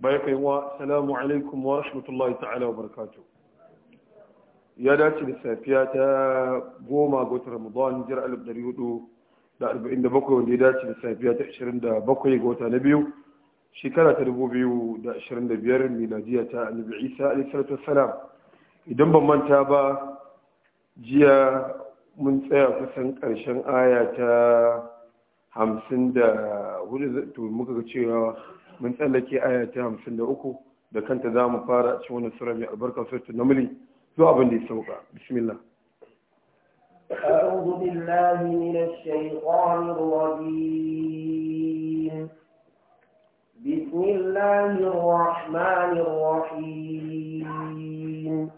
bai kai wa salamu alaikum wa rahmatullahi ta'ala wa barakatu ya dace da safiya ta goma ga watan ramadan jira alif dari hudu da arba'in da bakwai wanda ya dace da safiya ta ashirin da bakwai ga wata na biyu shekara ta dubu biyu da ashirin da biyar miladiya ta annabi isa alaihi salatu wassalam idan ban manta ba jiya mun tsaya kusan ƙarshen aya ta hamsin da hudu to muka ga cewa mun tsallake aya ta hamsin da uku da kanta za mu fara a cikin wani sura mai albarka surtu na muli zuwa abin da ya sauka bismillah أعوذ بالله من الشيطان الرجيم بسم الله الرحمن الرحيم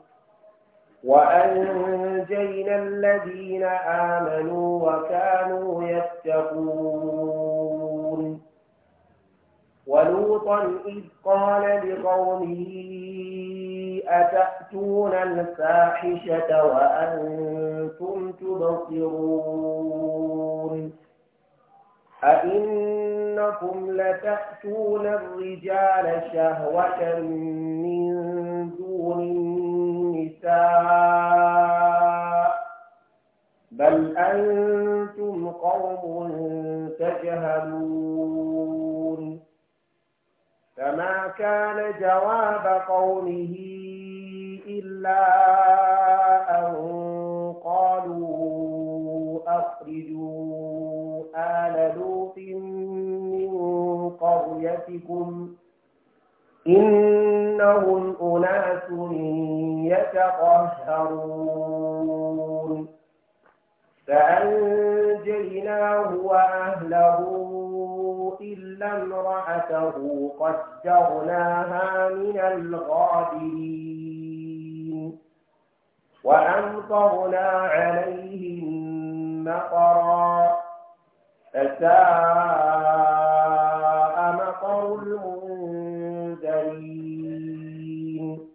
وأنجينا الذين آمنوا وكانوا يتقون ولوطا إذ قال لقومه أتأتون الفاحشة وأنتم تبصرون أئنكم لتأتون الرجال شهوة من دون النساء بل أنتم قوم تجهلون فما كان جواب قومه إلا أن قالوا أخرجوا آل لوط من قريتكم إنهم أناس يتطهرون فأنجيناه وأهله إلا امرأته قدرناها من الغابرين وأمطرنا عليهم مطرا فساء مطر المنذرين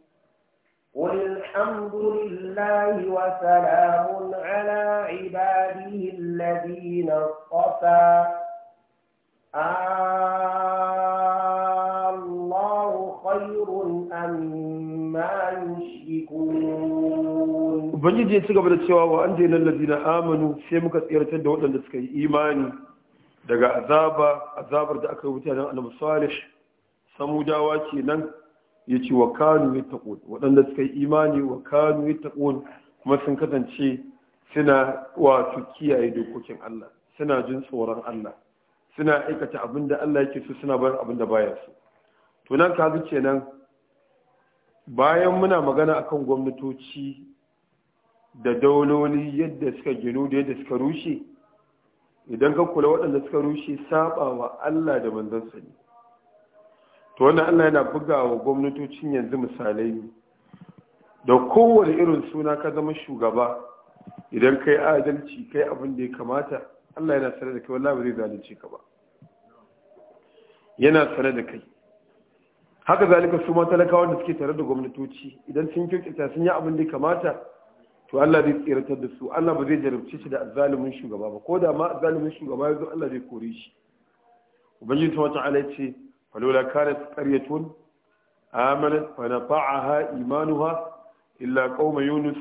قل الحمد لله وسلام على عباده الذين اصطفى الله خير أم يشركون ubangiji ya ci gaba da cewa wa an daina lalazina amanu sai muka tsirtar da waɗanda suka yi imani daga azaba azabar da aka rubuta nan annabi salih samudawa kenan ya ce wa kanu yattaqun waɗanda suka yi imani wa kanu yattaqun kuma sun kasance suna wato kiyaye dokokin Allah suna jin tsoron Allah suna aikata abin da Allah yake so suna bar abin da baya so to nan kaga kenan bayan muna magana akan gwamnatoci da dauloli yadda suka ginu da yadda suka rushe idan ka kula waɗanda suka rushe saba wa Allah da manzansa ne to wannan Allah yana buga wa gwamnatocin yanzu misalai ne. da kowane irin suna ka zama shugaba idan kai adalci kai abin da ya kamata Allah yana sanar da kai wallahi bai zalunci ka ba yana sanar da kai haka zalika su ma talakawa da suke tare da gwamnatoci idan sun kirkita sun yi abin da kamata to Allah zai tsiratar da su Allah ba zai jarabce shi da azzalumin shugaba ba ko da ma azzalumin shugaba ya zo Allah zai kore shi ubangiji ta wata ala ce falola kare qaryatun amanat fa nafa'aha imanuha illa qauma yunus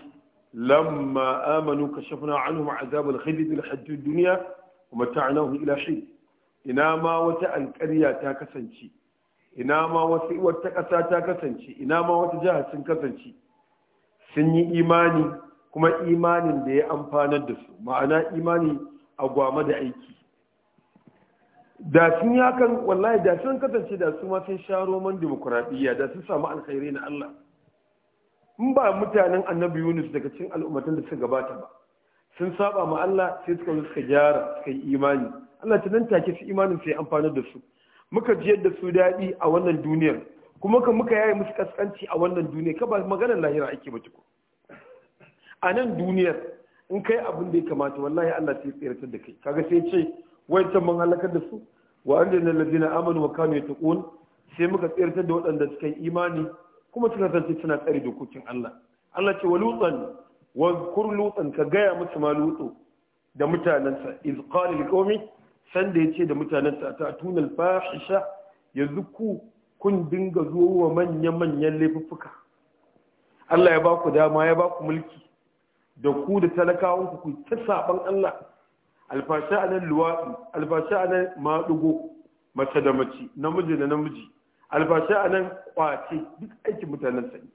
لما آمنوا كشفنا عنهم عذاب الخزي الحج الدنيا ومتعناهم إلى حين ina ma wata alƙarya ta kasance ina ma wata ƙasa ta kasance ina ma wata jihar sun kasance sun yi imani kuma imanin da ya amfanar da su ma'ana imani a da aiki da sun da sun kasance da sun sha dimokuraɗiyya da samu alkhairai na Allah in ba mutanen annabi yunus daga cikin al'ummatan da suka gabata ba sun saba ma Allah sai suka zo suka gyara suka yi imani Allah ta nan take su imanin sai amfana da su muka jiyar da su daɗi a wannan duniyar kuma kan muka yaye musu kaskanci a wannan duniyar ka ba maganar lahira ake ba tuku a nan duniyar in kai abin da ya kamata wallahi Allah sai tsiratar da kai kaga sai ce wai ta mun halaka da su wa annal amanu wa kanu yattaqun sai muka tsiratar da waɗanda suka yi imani kuma suna zance suna tsare dokokin Allah Allah ce wa lutsan wa kur lutsan ka gaya musu ma lutsu da mutanensa iz qala liqawmi san da yace da mutanensa ta tunal fahisha yanzu ku kun dinga zuwa wa manyan manyan laifuffuka Allah ya ba ku dama ya ba ku mulki da ku da talakawan ku ta saban Allah alfasha anan luwa, alfasha anan madugo mace da mace namiji da namiji albashi a nan kwace duk aikin mutanen sani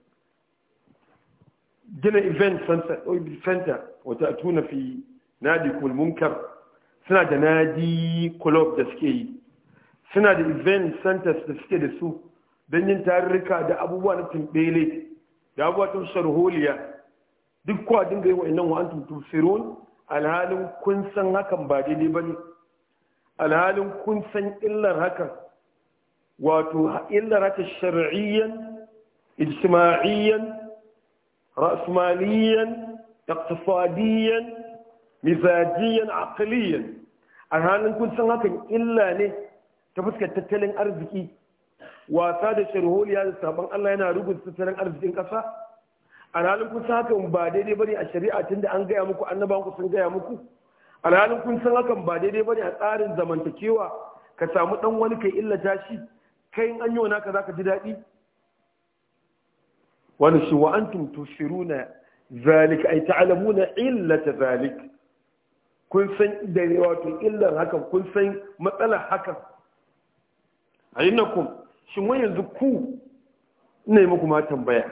gina event center oh, wata tuna fi nadi kulmunkar suna da nadi club da suke yi suna da event centers da suke da su don yin tarurruka da abubuwa na tumbele da abubuwa ta sharholiya duk kwa dinga yi wa'annan wa'antum tufsirun alhalin kun san hakan ba daidai ba ne alhalin kun san illar hakan wato illarata shar'iyyan ijtima'iyyan ra'asmaliyan iqtisadiyyan mizajiyan aqliyyan a halin kun san hakan illa ne ta fuskar tattalin arziki wasa da sharholiya da sabon Allah yana rubuta tattalin arzikin ƙasa halin kun san hakan ba daidai bane a shari'a tunda an gaya muku annaba ku sun gaya muku halin kun san hakan ba daidai bane a tsarin zamantakewa ka samu dan wani kai illata shi kai an yi wa naka za ka ji daɗi wani shi wa antum tushiruna zalik ay ta'lamuna illata zalik kun san da wato illar hakan kun san matsalar hakan ainakum shin wani yanzu ku ina yi muku ma tambaya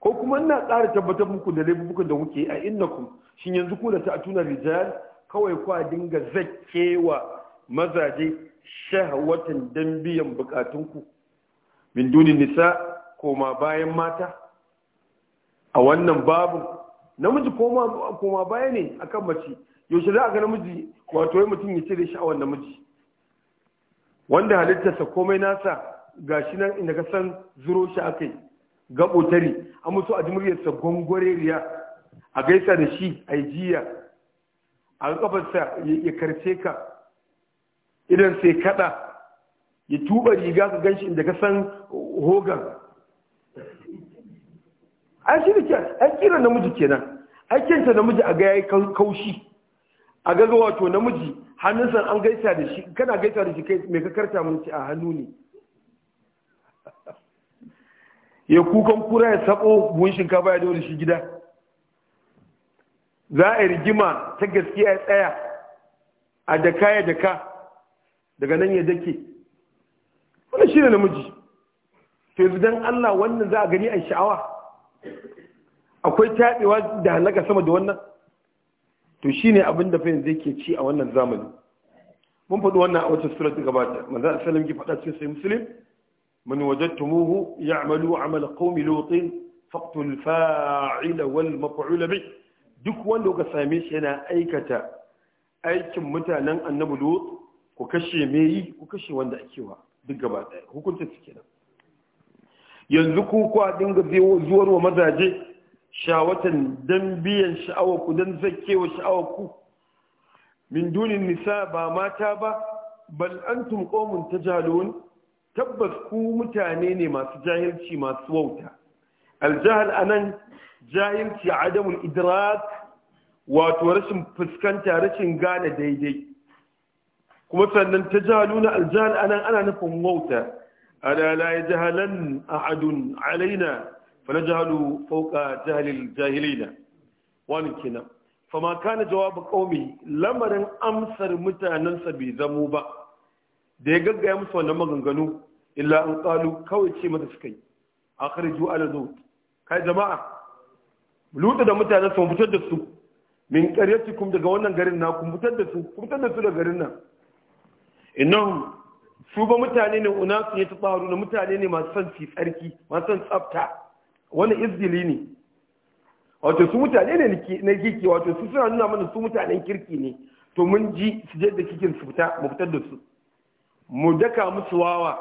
ko kuma ina tsara tabbatar muku da laifukan da kuke a innakum shin yanzu ku da ta tuna rijal kawai kwa dinga zakkewa mazaje shahwatan dan biyan bukatunku min duni nisa koma bayan mata a wannan babu namiji koma baya ne akan mace yaushe za a ga namiji wato ya mutum ya cire sha'awar namiji wanda halittarsa komai nasa gashi nan inda ka san zuro shi akai gabo tari an mutu a jimuriyarsa gwangware riya a gaisa da shi a jiya a kafarsa ya karce ka idan sai kada ya tuba riga ka ganshi inda ka san hogan An shi da ke namiji kenan an kenta namiji a ga yi kaushi a ga wato namiji hannunsa an gaisa da shi kana gaisa da shi kai mai ka karta mun ci a hannu ne ya kukan kura ya sabo buhun shinkafa ya dole shi gida za a yi rigima ta gaskiya ya tsaya a daka ya daka daga nan ya dake Wani shi ne namiji to yanzu Allah wannan za a gani a sha'awa akwai taɓewa da halaka sama da wannan to shi ne abin da fahimta yake ci a wannan zamani mun faɗi wannan a wata surat gabata Maza a salam ki faɗa cikin sai muslim man wajadtumuhu ya'malu amal qaumi lutin faqtul fa'ila wal maf'ul bi duk wanda kuka same shi yana aikata aikin mutanen annabi lut ku kashe me yi ku kashe wanda ake wa duk gaba ɗaya hukunta su nan yanzu ku kwa dinga zuwar wa mazaje shawatan dan biyan sha'awar ku dan zakewa sha'awar ku min dunin nisa ba mata ba bal antum qaumun tajalun tabbas ku mutane ne masu jahilci masu wauta aljahal anan jahilci adamul idrak wato rashin fuskanta rashin gane daidai kuma sannan ta jahaluna aljahal anan ana nufin wauta ya la a ahadun alaina فنجعل فوق جهل الجاهلين wani kenan fama kana jawabu qaumi lamarin amsar mutanensa bai zamo ba da ya gaggaya musu wannan maganganu illa an qalu kawai ce mata suka yi akhriju ala lut kai jama'a lutu da mutanensa su fitar da su min qaryatikum daga wannan garin na ku fitar da su fitar da su daga garin nan inon su ba mutane ne ne ya tsaro na mutane ne masu son ci tsarki masu son tsafta wani izgili ne wato su mutane ne na kirki wato su suna nuna mana su mutanen kirki ne to mun ji su je da kikin su fita mu fitar da su mu daka musu wawa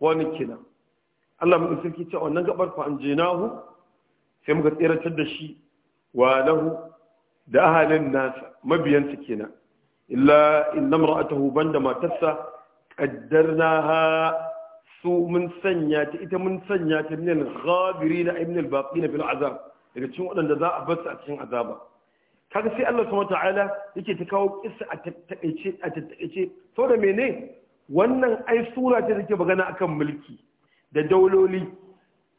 wani kina Allah mun sarki ce wannan gabar fa anjinahu sai muka tsiratar da shi wa lahu da ahalin nasa mabiyansa kenan illa inna mar'atahu banda matarsa qaddarnaha su mun sanya ta ita mun sanya ta min al-ghabirin ay min al-baqin fil azab daga cikin wadanda za a bar a cikin azaba kaga sai Allah subhanahu wataala yake ta kawo kissa a tattaice a tattaice da mene wannan ai sura ce take magana akan mulki da dauloli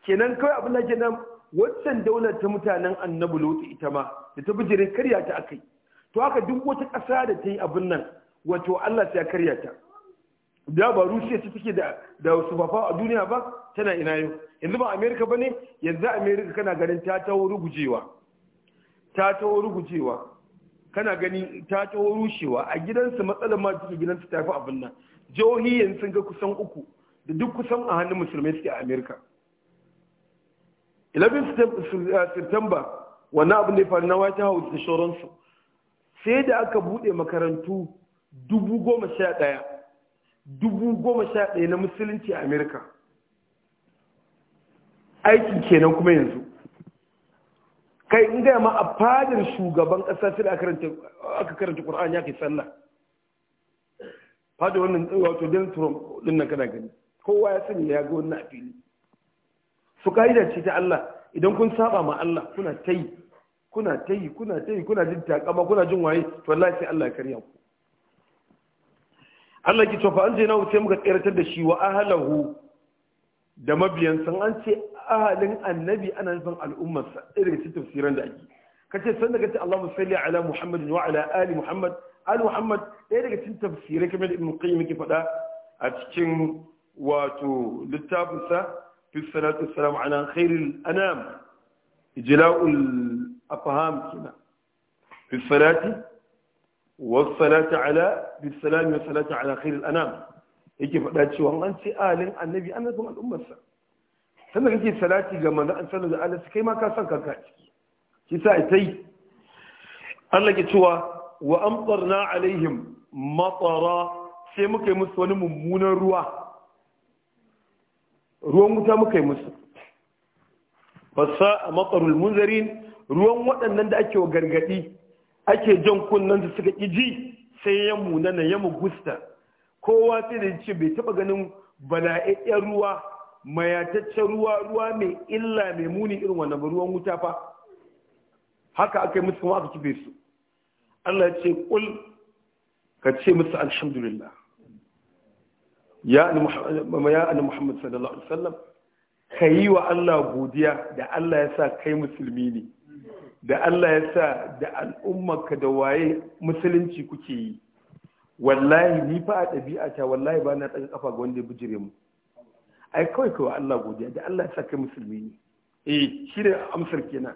kenan kawai abin da kenan waccan daular ta mutanen annabi lutu ita ma da ta bijire karya ta akai to haka duk wata ƙasa da ta yi abin nan wato Allah ta karya ta da ba rusiya ta take da da a duniya ba tana ina yau yanzu ba America bane yanzu America kana ganin ta tawo rugujewa ta tawo rugujewa kana gani ta tawo rushewa a gidansu matsalar ma take gidansu ta fi abin nan jihohi yanzu sun ga kusan uku da duk kusan a hannun musulmai suke a America 11 September wannan abin da ya faru na White House da shoransu sai da aka bude makarantu dubu goma sha ɗaya dubu goma sha ɗaya na musulunci a amerika aikin kenan kuma yanzu kai in gaya ma a fadar shugaban ƙasa sai da aka karanta ƙur'an ya kai sallah fada wannan wato dan trump din nan kana gani kowa ya sani ya ga wannan a fili su ka'ida ce ta allah idan kun saba ma allah kuna ta yi kuna ta yi kuna ta yi kuna jin takama kuna jin waye to wallahi sai Allah ya karya ku Allah ki fa an zaina sai muka tsiratar da shi wa ahlahu da mabiyan san an ce ahalin annabi ana nufin al'ummarsa irin su tafsiran da ake kace san daga ce Allahumma salli ala Muhammad wa ala ali Muhammad ali Muhammad ɗaya daga cikin tafsirai kamar da Ibn Qayyim yake faɗa a cikin wato littafinsa fi salatu salam ala khairil anam ijla'ul afham kina fi salati wa salati ala bi salami wa salati ala khair al anam yake faɗa cewa an ce alin annabi an san al'ummarsa sannan kake salati ga manzon an sallallahu alaihi wasallam kai ma ka san kanka ciki shi sa ita yi Allah ke cewa wa amtarna alaihim matara sai muka yi musu wani mummunan ruwa ruwan wuta muka yi musu fasa a matsarul munzarin ruwan waɗannan da ake wa gargaɗi ake jan kunnen su suka ƙiji sai ya munana ya mugusta kowa sai da ce bai taɓa ganin bala'aɗɗen ruwa mayataccen ruwa ruwa mai illa mai muni irin wannan ruwan wuta fa haka aka yi musu kuma aka kibe su Allah ya ce kul ka ce musu alhamdulillah ya ani Muhammad sallallahu alaihi wasallam ka yi wa Allah godiya da Allah ya sa kai musulmi ne da Allah ya sa da al'ummarka da waye musulunci kuke yi wallahi ni fa a ɗabi'ata wallahi ba na ɗan ƙafa ga wanda ya bijire mu ai kawai kawai Allah godiya da Allah ya sa kai musulmi ne eh shi ne amsar kenan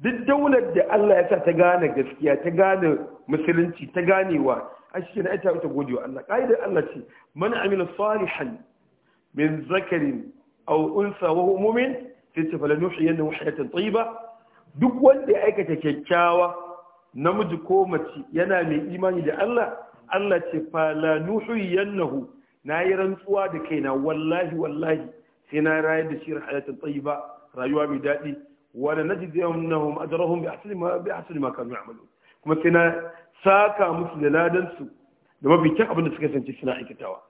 duk daular da Allah ya sa ta gane gaskiya ta gane musulunci ta ganewa a shi kenan ai ta gode wa Allah ƙa'idar Allah ce man amila salihan min zakarin aw unsa wa huwa mu'min sai ce falanuhiyannahu hayatan tayyiba duk wanda ya aikata kyakkyawa namiji ko mace yana mai imani da Allah Allah ce fala yannahu. na yi rantsuwa da kaina wallahi wallahi sai na rayar da shi halatta tsayiba rayuwa mai daɗi wala na ajrahum bi ahsani ma bi ahsani ma kanu amalu kuma sai na saka musu da ladan su da mafi kyan abin da suka sanci suna aikatawa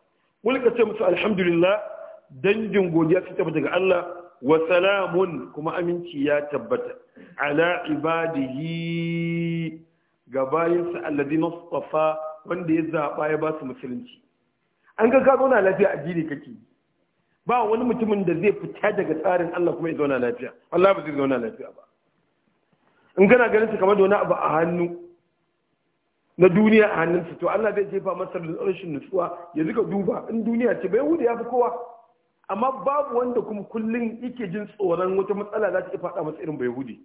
mulka ce musu alhamdulillah dangin godiya su tafi daga Allah wa salamun kuma aminci ya tabbata ala ibadihi ga bayinsa alladhi nastafa wanda ya zaba ya ba su musulunci an ga ka zauna lafiya a addini kake ba wani mutumin da zai fita daga tsarin Allah kuma ya zauna lafiya Allah ba zai zauna lafiya ba in kana ganin su kamar da wani abu a hannu na duniya a hannun hannunsa to Allah zai jefa masa rashin nutsuwa ya zika duba in duniya ce bai hudu ya fi kowa amma babu wanda kuma kullum yake jin tsoron wata matsala za ta iya faɗa masa irin bayahudi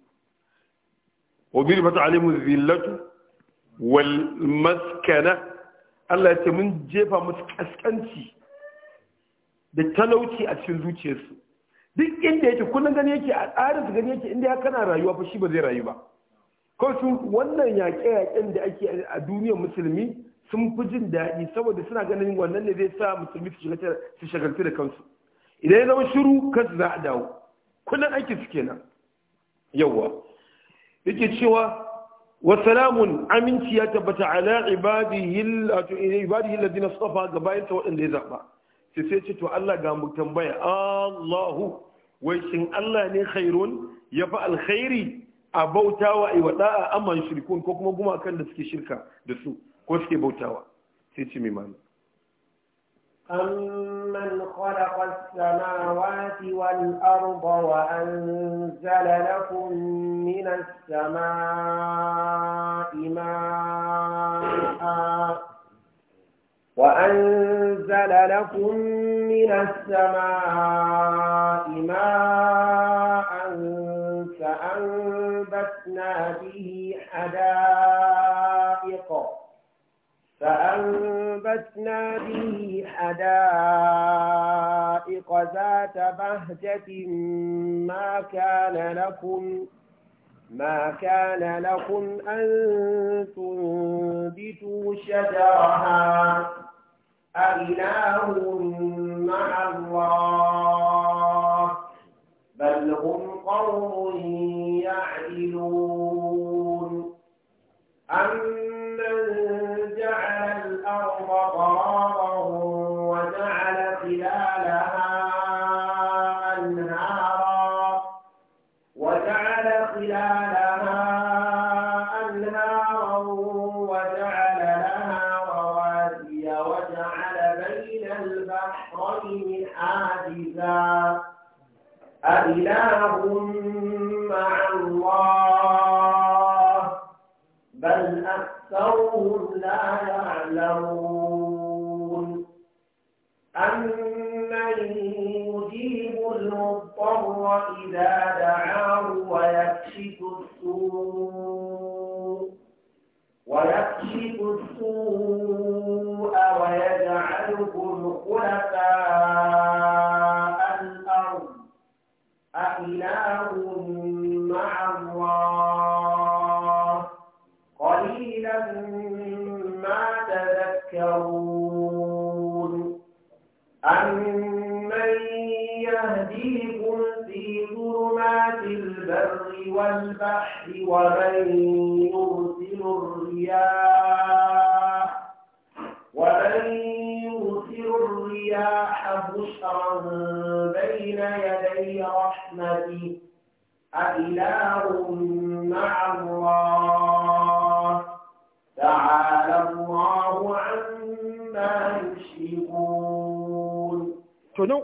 wa bi ribata alimu zillatu wal maskana Allah ya ce mun jefa musu kaskanci da talauci a cikin zuciyarsu duk inda yake kullum gani yake a tsarin su gani yake inda ya kana rayuwa fa shi ba zai rayu ba kawai sun wannan yaƙe-yaƙen da ake a duniyar musulmi sun fi jin daɗi saboda suna ganin wannan ne zai sa musulmi su shagaltu da kansu idan ya zama shiru kansu za a dawo kunan aiki suke kenan yawwa yake cewa wasalamun aminci ya tabbata ala ibadihi alladhi nasafa ga bayansa waɗanda ya zaɓa sai sai ce to Allah ga mu tambaya Allahu wai shin Allah ne khairun ya fa alkhairi a bautawa ai a amman shirkun ko kuma gumakan da suke shirka da su ko suke bautawa sai ce mai mana أمن خلق السماوات والأرض وأنزل لكم من السماء ماء وأنزل لكم من السماء ماء فأنبتنا به حدائق فأنبتنا به حدائق ذات بهجة ما كان لكم ما كان لكم أن تنبتوا شجرها أإله مع الله بل هم قوم يعدلون إله مع الله بل أكثرهم لا يعلمون أمن يجيب المضطر إذا دعاه ويكشف السوء ويكشف السوء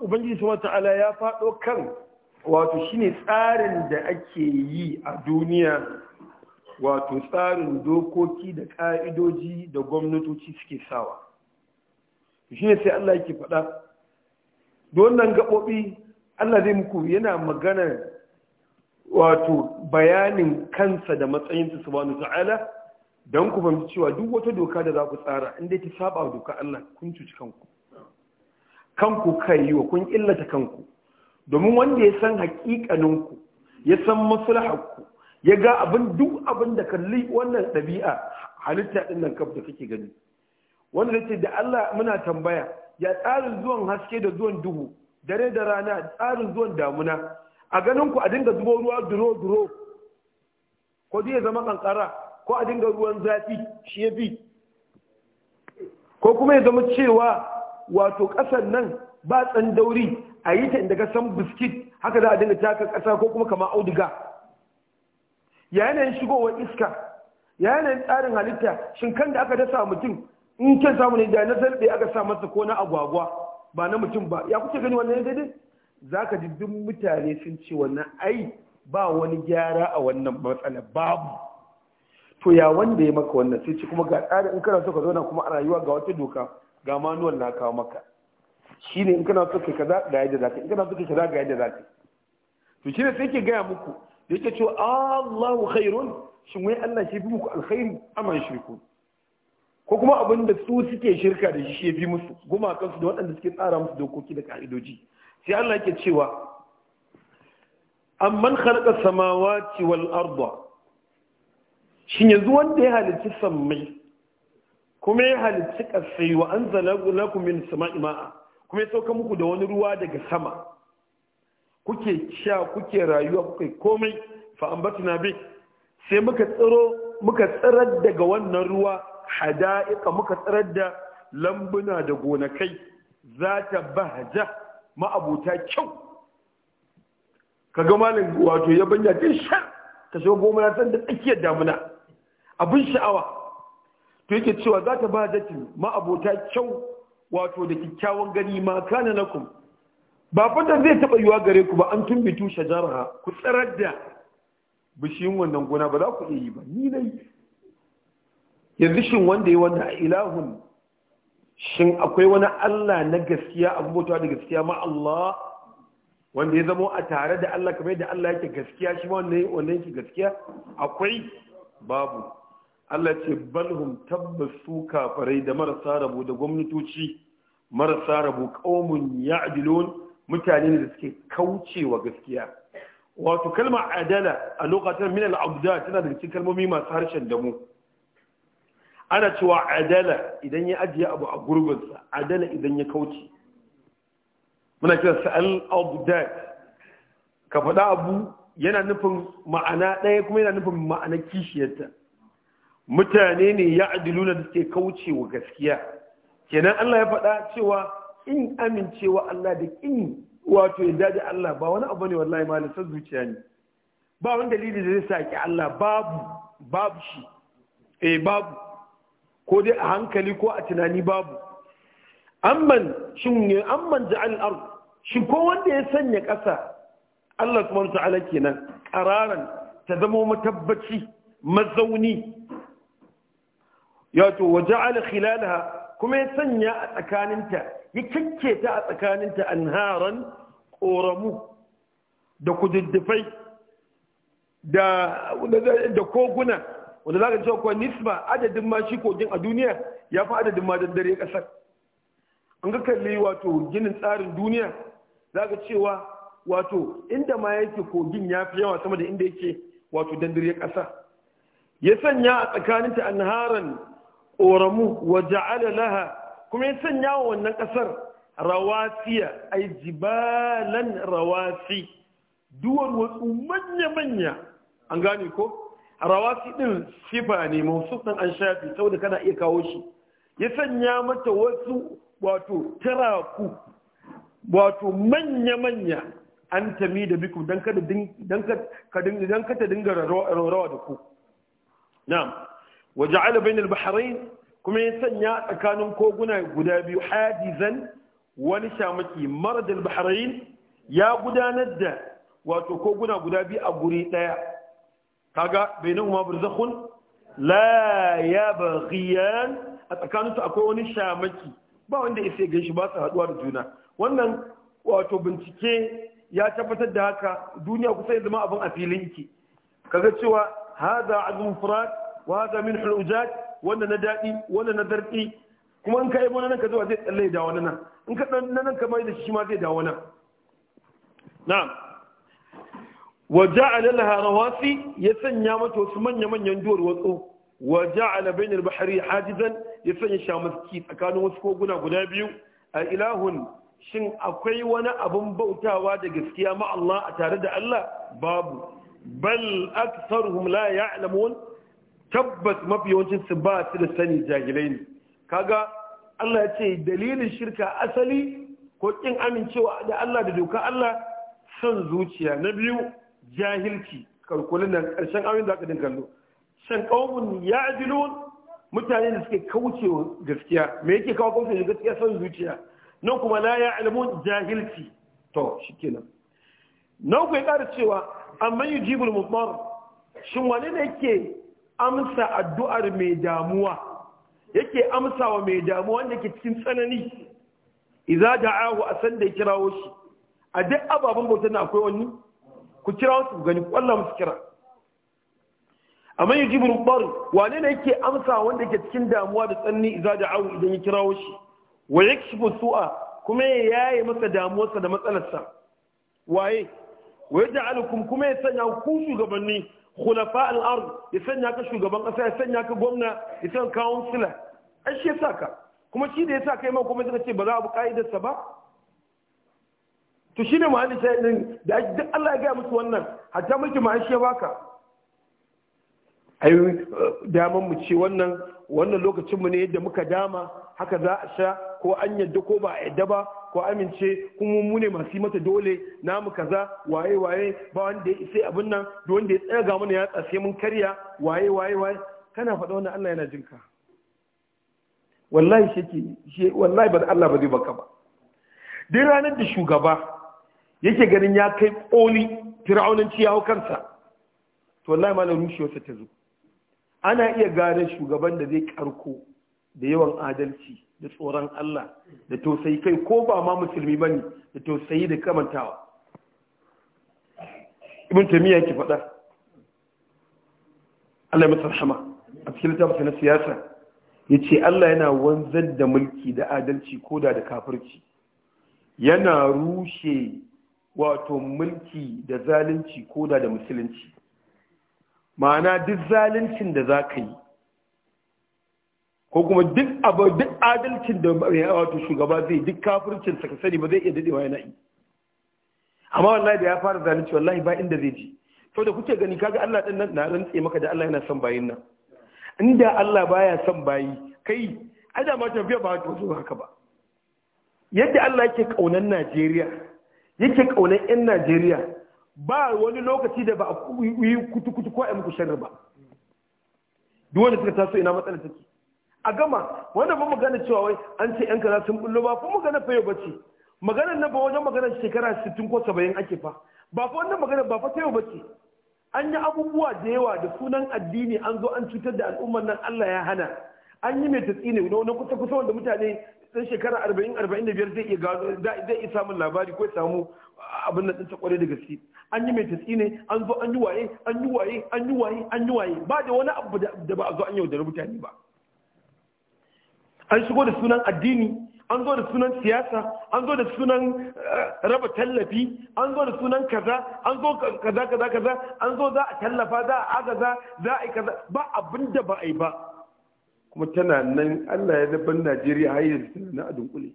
ubangiji subhanahu ta'ala ya faɗo kan wato shi ne tsarin da ake yi a duniya wato tsarin dokoki da ƙa'idoji da gwamnatoci suke sawa shi ne sai Allah yake faɗa don nan gaɓoɓi Allah zai muku yana magana wato bayanin kansa da matsayinsa subhanahu ta'ala don ku fahimci cewa duk wata doka da za ku tsara inda ta saba doka Allah kun cuci kanku kanku kai yi wa kun illata kanku domin wanda ya san haƙiƙaninku ya san maslahanku ya ga abin duk abin da kalli wannan ɗabi'a halitta ɗin nan kaf da kake gani wanda ya ce da Allah muna tambaya ya tsarin zuwan haske da zuwan duhu dare da rana tsarin zuwan damuna a ganin ku a dinga zubo ruwa duro duro ko zai zama kankara ko a dinga ruwan zafi shi ya bi ko kuma ya zama cewa wato ƙasar nan ba tsan dauri a yi ta inda ka san biskit haka za a dinga taka ƙasa ko kuma kama auduga ya yanayin shigowar iska ya yanayin tsarin halitta shin kan da aka dasa mutum in ke samu ne da na zarbe aka sa masa ko na agwagwa ba na mutum ba ya kuce gani wannan daidai za ka ji duk mutane sun ce wannan ai ba wani gyara a wannan matsala babu to ya wanda ya maka wannan sai ci kuma ga tsarin in kana so ka zauna kuma a rayuwa ga wata doka ga manuwal na kawo maka ne in kana so kai kaza ga yadda zaka in kana so kai kaza ga yadda zaka to shine sai ke gaya muku da yake cewa Allahu khairun shin wai Allah shi fi muku alkhairi amma shirku ko kuma abin da su suke shirka da shi shi fi musu gumakansu da waɗanda suke tsara musu dokoki da ka'idoji sai Allah yake cewa amman khalaqa samawati wal arda shin yanzu wanda ya halitta sammai kuma ya halicci ƙasai wa an zalaku min sama ima'a kuma ya sauka muku da wani ruwa daga sama kuke sha kuke rayuwa kuke komai fa na bi sai muka tsiro muka tsirar daga wannan ruwa hada'iqa muka tsirar da lambuna da gonakai za ta bahaja ma'abuta kyau Ka ga malin wato ya banya ta shar ta shiga goma na san da tsakiyar damuna abin sha'awa to yake cewa za ta ba ma ma'abota kyau wato da kyakkyawan gani ma kana ku ba fatan zai taɓa yiwa gare ku ba an tumbitu shajarha ku tsarar da bishiyin wannan gona ba za ku iya yi ba ni nai. yanzu shin wanda ya wannan ilahun shin akwai wani Allah na gaskiya abin bautawa da gaskiya ma Allah wanda ya zama a tare da Allah kamar yadda Allah yake gaskiya shi ma wannan yake gaskiya akwai babu Allah ce balhum tabbas su kafarai da marasa rabo da gwamnatoci marasa rabo qaumun ya'dilun mutane ne da suke kaucewa gaskiya wato kalmar adala a lokacin min al-abda tana da cikin kalmomi masu harshen damu ana cewa adala idan ya ajiye abu a gurbinsa adala idan ya kauce muna kira sa'al abda ka faɗa abu yana nufin ma'ana ɗaya kuma yana nufin ma'ana kishiyarta mutane ne ya adiluna da suke kauce wa gaskiya kenan Allah ya faɗa cewa in amincewa Allah da in wato ya daji Allah ba wani abu ne wallahi ma lissan zuciya ne ba wani dalili da zai saki Allah babu babu shi eh babu ko dai a hankali ko a tunani babu amman shin ne amman ja'al ard shi ko wanda ya sanya ƙasa Allah subhanahu wa ta'ala kenan qararan ta zama matabbaci mazauni yato waje ala khilalaha kuma ya sanya a tsakaninta ya kyakke ta a tsakaninta anharan koramu da kududdufai da koguna wanda za ka ce kuwa nisba adadin ma shi kogin a duniya ya fi adadin ma dandare ƙasar an ga kalli wato ginin tsarin duniya za ka cewa wato inda ma yake kogin ya fi yawa sama da inda yake wato dandare kasa ya sanya a tsakaninta anharan ƙoramu wa ja'ala laha kuma ya sanya wa wannan ƙasar rawasiya ai jibalan rawasi duwar wasu manya-manya an gane ko rawasi ɗin sifa ne masu ɗin an shafi saboda kana iya kawo shi ya sanya mata wasu wato taraku wato manya-manya an tami da biku don ka ta dinga rawa da ku na'am wa ja'ala bainal bahrain kuma ya sanya tsakanin koguna guda biyu hadizan wani shamaki maradal bahrain ya gudanar da wato koguna guda biyu a guri daya kaga bainahuma barzakhun la yabghiyan a tsakaninsu akwai wani shamaki ba wanda ya sai ganshi ba su haduwa da juna wannan wato bincike ya tabbatar da haka duniya kusa ya zama abin a filin ki kaga cewa hadha azum furat wa hada min hulujat wanda na daɗi wanda na darɗi kuma in ka yi nan ka zai tsalle da in ka ɗan nan ka mai da shi ma zai dawo nan na'am wa ja'ala laha rawasi ya sanya mata wasu manya manyan duwar watsu wa ja'ala bainal bahri hajizan ya sanya shamaki tsakanin wasu koguna guda biyu a ilahun shin akwai wani abin bautawa da gaskiya ma Allah a tare da Allah babu bal aktsaruhum la ya'lamun tabbas mafi yawancin su ba su da sani jahilai ne kaga Allah ya ce dalilin shirka asali ko kin amincewa da Allah da doka Allah San zuciya na biyu jahilci kalkulin nan karshen amin da aka din kallo shan qaumun ya'dilun mutane da suke kaucewa gaskiya me yake kawo kaucewa gaskiya San zuciya nan kuma la ya'lamun jahilci to shikenan nan ku ya kara cewa amman yujibul mudmar shin wane ne yake amsa addu'ar mai damuwa yake amsa wa mai damuwa wanda ke cikin tsanani iza ahu a san ya kirawo shi a duk ababen bauta na akwai wani ku kira su gani kwallon su kira amma jibin burbar wane ne yake amsa wanda ke cikin damuwa da tsanani iza ahu idan ya kirawo shi wa yakshifu su'a kuma ya yaye masa damuwarsa da matsalarsa waye wa yaj'alukum kuma ya sanya ku shugabanni khulafa al-ard ya sanya ka shugaban kasa ya sanya ka gwamna ya sanya councilor ai shi yasa ka kuma shi da yasa kai ma kuma suka ce ba za a bi ka'idarsa ba to shine ne sai din da duk Allah ya gaya musu wannan hatta miki ma shi ya baka ai daman mu ce wannan wannan lokacin mu ne yadda muka dama haka za a sha ko an yadda ko ba a yadda ba ko amince kuma mu ne masu mata dole namu kaza waye waye ba wanda ya isa abin nan da wanda ya tsaya ga mana ya tsase mun karya waye waye waye kana faɗa wannan Allah yana jinka wallahi shi wallahi ba Allah ba zai baka ba dai ranar da shugaba yake ganin ya kai koli fir'aunanci ya hau kansa to wallahi malam rushewarsa ta zo ana iya gane shugaban da zai karko da yawan adalci da tsoron Allah da tausayi kai ko ba ma musulmi bane da tausayi da kamantawa ibn tamiya ki faɗa Allah ya masa rahama a cikin tafsiri na siyasa yace Allah yana wanzar da mulki da adalci koda da kafirci yana rushe wato mulki da zalunci koda da musulunci ma'ana duk zaluncin da za ka yi ko kuma duk abu duk adalcin da wato shugaba zai duk kafircin saka sani ba zai iya dadewa yana yi amma wallahi da ya fara zalunci wallahi ba inda zai ji to da kuke gani kaga Allah din nan na rantse maka da Allah yana son bayin nan inda Allah baya son bayi kai da ma tafiya ba ta zo haka ba yadda Allah yake kaunan Najeriya yake kaunan ƴan Najeriya ba wani lokaci da ba a yi kutu kutu ko a muku sharri ba duk wanda suka taso ina matsalar take a gama wanda ba magana cewa wai an ce yan kaza sun bullo ba ko magana fa yau bace maganar nan ba wajen maganar shekara 60 ko 70 ake fa ba fa wannan magana ba fa ta yau bace an yi abubuwa da yawa da sunan addini an zo an cutar da al'ummar nan Allah ya hana an yi mai tatsi ne wani kusa kusa wanda mutane sun shekara arba'in arba'in da biyar zai iya gano zai iya samun labari ko samu abin nan ta kware da gaske an yi mai tatsi ne an zo an yi waye an yi waye an yi waye an yi waye ba da wani abu da ba a zo an yau da mutane ba an shigo da sunan addini an zo da sunan siyasa an zo da sunan eh, raba tallafi an zo da sunan kaza an zo kaza kaza kaza an zo za a tallafa za a agaza za a yi kaza ba abin da ba a yi ba kuma tana nan allah ya zaban najeriya har yanzu tana na a dunkule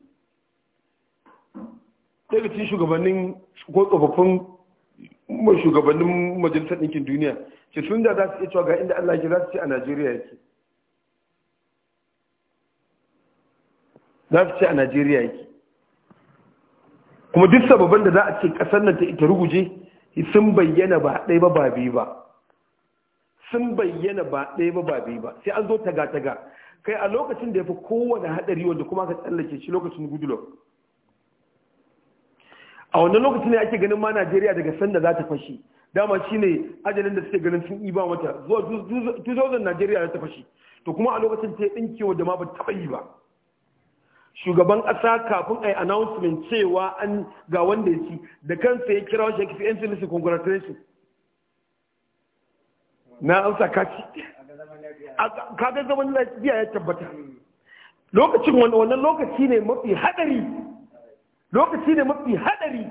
daga cikin shugabannin ko tsofaffin shugabannin majalisar ɗinkin duniya ce sun da za su iya cewa ga inda allah ya za su ce a najeriya yake za su ce a najeriya yake kuma duk sababin da za a ce kasar nan ta ita ruguje sun bayyana ba ɗaya ba babi ba sun bayyana ba ɗaya ba babi ba sai an zo taga-taga kai a lokacin da ya fi kowane haɗari wanda kuma aka tsallake shi lokacin goodluck a wannan lokacin ne ake ganin ma najeriya daga sanda za ta fashi dama shi ne ajalin da suke ganin sun ba mata zuwa 2000 najeriya za ta fashi to kuma a lokacin ta yi ɗinkewa da ma ba taɓa yi ba shugaban ƙasa kafin a yi announcement cewa an ga wanda ya ci da kansa ya kira shi ya kifi 'yan sinisi congratulation na an saka ci kaga zaman lafiya ya tabbata lokacin wannan lokaci ne mafi hadari lokaci ne mafi hadari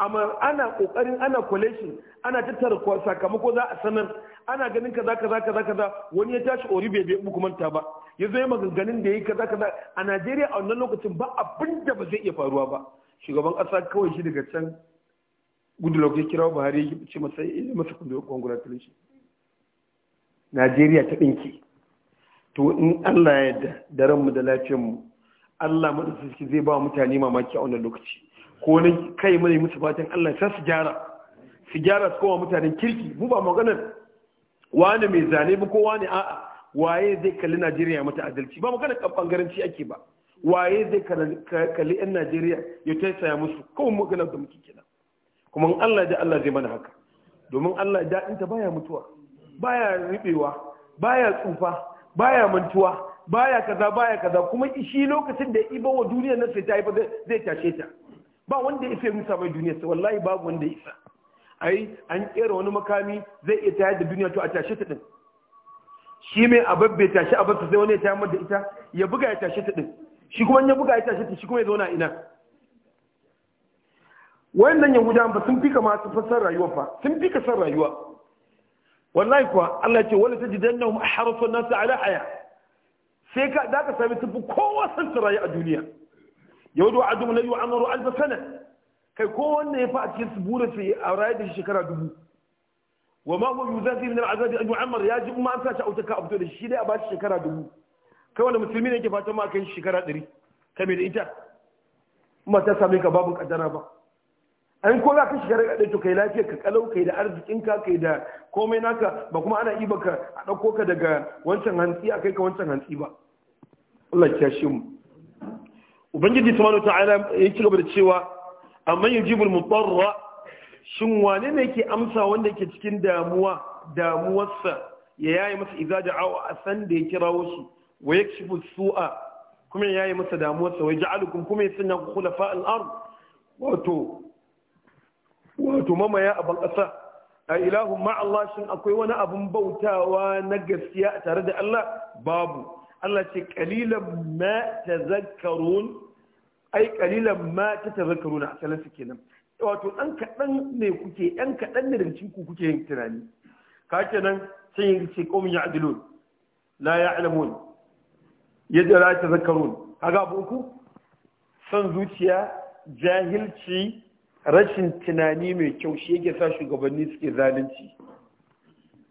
amma ana kokarin ana collation ana tattara sakamako za a sanar ana ganin kaza kaza kaza kaza wani ya tashi ori bai bai manta ba ya zo maganganun da yayi kaza kaza a Najeriya a wannan lokacin ba abin da ba zai iya faruwa ba shugaban ƙasa kawai shi daga can Goodluck ya kira Buhari ya ce masa eh, ya masa congratulations Najeriya ta dinki to in Allah ya yarda da mu da lafiyar mu Allah madasarki zai ba mutane mamaki a wannan lokaci ko wani kai mai musu fatan Allah sai su gyara su gyara su koma mutanen kirki mu ba maganar wani mai zane ba ko wani a'a waye zai kalli Najeriya mata adalci ba magana kan bangaranci ake ba waye zai kalli yan Najeriya ya taisaya musu kawai magana da muke kina? kuma in Allah da Allah zai mana haka domin Allah da ta baya mutuwa baya ribewa baya tsufa baya mantuwa baya kaza baya kaza kuma shi lokacin da iba wa duniyar nan sai ta yi zai tashe ta ba wanda ya isa musa mai duniyar sa wallahi babu wanda ya isa ai an kera wani makami zai iya tayar da duniya to a tashi ta din shi mai abab bai tashi abab sai wani ya tayar da ita ya buga ya tashi ta din shi kuma ya buga ya tashi ta shi kuma ya zauna ina wayannan yahudawa ba sun fika masu fasar rayuwa fa sun fika san rayuwa wallahi kuwa Allah ya ce wala tajidannahum ahrasu an-nas ala haya sai ka da ka sami tafi kowa san rayu a duniya yahudu adum la yu'amaru alf sana kai ko wanda ya fa a cikin su sai su a raye da shi shekara dubu wa ma huwa yuzazi min al'azabi an yu'ammar ya ji kuma an sace autaka a fito da shi dai a bashi shekara dubu kai wanda musulmi ne yake fatan ma kai shekara ɗari kai mai da ita kuma ta same ka babu kaddara ba an ko za ka shekara ɗari to kai lafiya ka kalau kai da arzikinka kai da komai naka ba kuma ana iba ka a ɗauko ka daga wancan hantsi a kai ka wancan hantsi ba Allah ya shi mu ubangiji subhanahu wa ta'ala ya ci gaba da cewa amma yujibul mutarra shin wane ne yake amsa wanda ke cikin damuwa damuwarsa ya yayi masa da awa a san da ya kirawo shi wa yakshifu su'a kuma ya yayi masa damuwarsa wa ja'alukum kuma ku kula al-ard wato wato mamaya a ban ƙasa a ilahun ma'allah shin akwai wani abin bautawa na gaskiya tare da Allah babu Allah ce kalilan ma tazakkarun ai kalilan ma ta tazakaru na asalin su kenan wato ɗan kaɗan ne kuke ɗan kaɗan ne daga cikin kuke yin tunani ka kenan sai yin ce ƙomin ya adilun la ya alamun yadda la ta A kaga abu son zuciya jahilci rashin tunani mai kyau shi yake sa shugabanni suke zalunci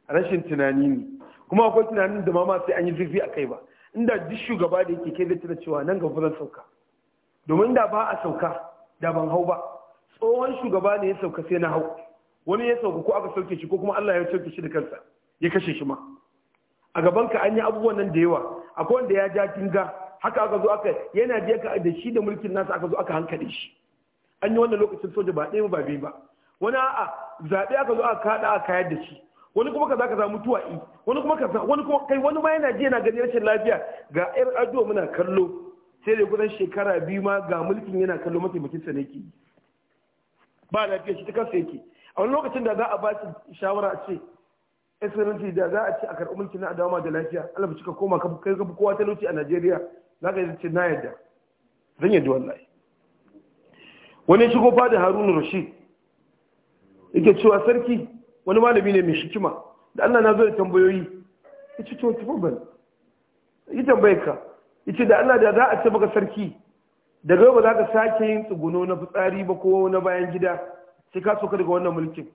rashin tunani ne kuma akwai tunanin da ma sai an yi zurfi a kai ba inda duk shugaba da yake kai da cewa nan gaba zan sauka domin da ba a sauka da ban hau ba tsohon shugaba ne ya sauka sai na hau wani ya sauka ko aka sauke shi ko kuma Allah ya sauke shi da kansa ya kashe shi ma a gaban ka an yi abubuwan nan da yawa akwai wanda ya ja dinga haka aka zo aka yana biya ka da shi da mulkin nasa aka zo aka hankali shi an yi wannan lokacin soja ba ɗaya ba biyu ba wani a'a zaɓe aka zo aka kaɗa aka kayar da shi wani kuma kaza kaza mutuwa i wani kuma kaza wani kuma kai wani ma yana jiya yana gani rashin lafiya ga 'yar addu'a muna kallo sai da kusan shekara biyu ma ga mulkin yana kallo mataimakin sa ke ba lafiya shi ta kansa yake a wani lokacin da za a ba shi shawara a ce excellency da za a ce a karɓi mulkin na adama da lafiya Allah cika koma kai ka kowa talauci a Najeriya za ka yi na yadda". zan yadda wallahi wani shigo fada Haruna Rashid yake cewa sarki wani malami ne mai shikima da Allah na zo da tambayoyi ya ce to tafi yi tambayar ka yace da Allah da za a ce maka sarki daga yau ba za ka sake yin tsuguno na fitsari ba ko na bayan gida sai ka ka daga wannan mulkin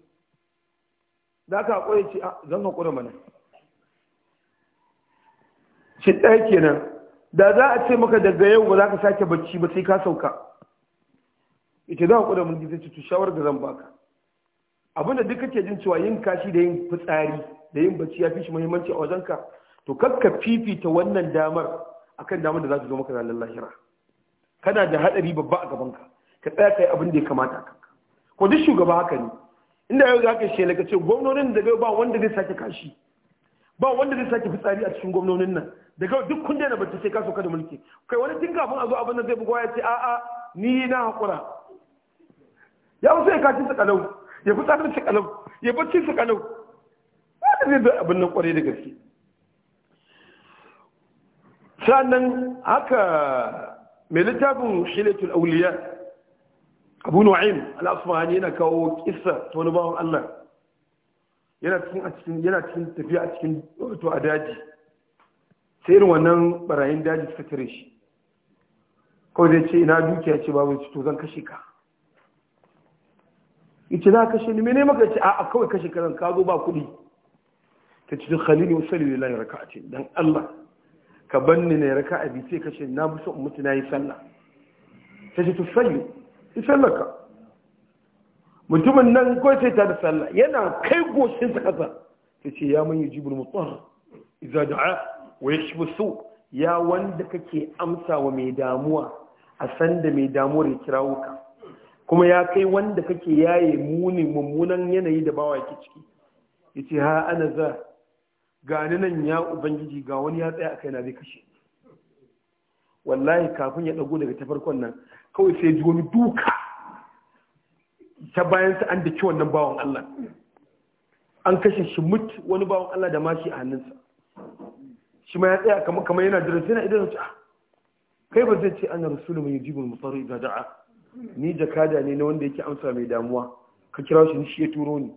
da ka haƙura ce ah, zan haƙura mana shi ɗaya kenan da za a ce maka daga yau ba za ka sake bacci ba sai ka sauka yace za haƙura mun sai cutu shawar da zan baka abinda duk kake jin cewa yin kashi da yin fitsari da yin bacci ya fi shi muhimmanci a wajenka to kakka fifita wannan damar akan damar da za su zo maka ranar lahira kana da hadari babba a gabanka ka tsaya kai abin da ya kamata ka ko duk shugaba haka ne inda yau za ka shela ka ce gwamnonin daga ba wanda zai sake kashi ba wanda zai sake fitsari a cikin gwamnonin nan daga duk kun daina bacci sai ka soka da mulki kai wani tun kafin a zo abin da zai bugawa ya ce a'a ni na hakura ya wasu ya kashi sakalau ya fitsarin sakalau ya bacci sakalau ba da zai abin nan kwarai da gaske sannan haka mai littafin shilatul auliya abu nu'aim al yana kawo kisa ta wani bawan Allah yana cikin tafiya a cikin wato a daji sai irin wannan barayin daji suka tare shi kawai zai ce ina dukiya ce babu ci to zan kashe ka yace za kashe ni mene maka ce a'a kawai kashe ka zan ka zo ba kuɗi ta cikin duk khalili wa sallallahu a ce dan Allah ka banni ne raka abi sai kace na bi so mutu na yi sallah ta ce tusalli yi sallaka. mutumin nan ko sai ta da sallah yana kai goshin sa kasa sai ce ya man yujibul mutar idza da'a wa yashbu su ya wanda kake amsa wa mai damuwa a sanda mai damuwar ya kirawo ka kuma ya kai wanda kake yaye muni mummunan yanayi da bawa yake ciki yace ha ana za ga ni nan ya ubangiji ga wani ya tsaya a na zai kashe wallahi kafin ya dago daga tafarkon nan kawai sai ji wani duka ta bayan sa an daki wannan bawan Allah an kashe shi mut wani bawan Allah da mashi a hannunsa shi ma ya tsaya kamar kamar yana jira sai na idan ta ah, kai ba zai ce ana rasulu mai yujibul musarri da da'a ni jakada ne na wanda yake amsa mai damuwa ka kira shi ni shi ya turo ni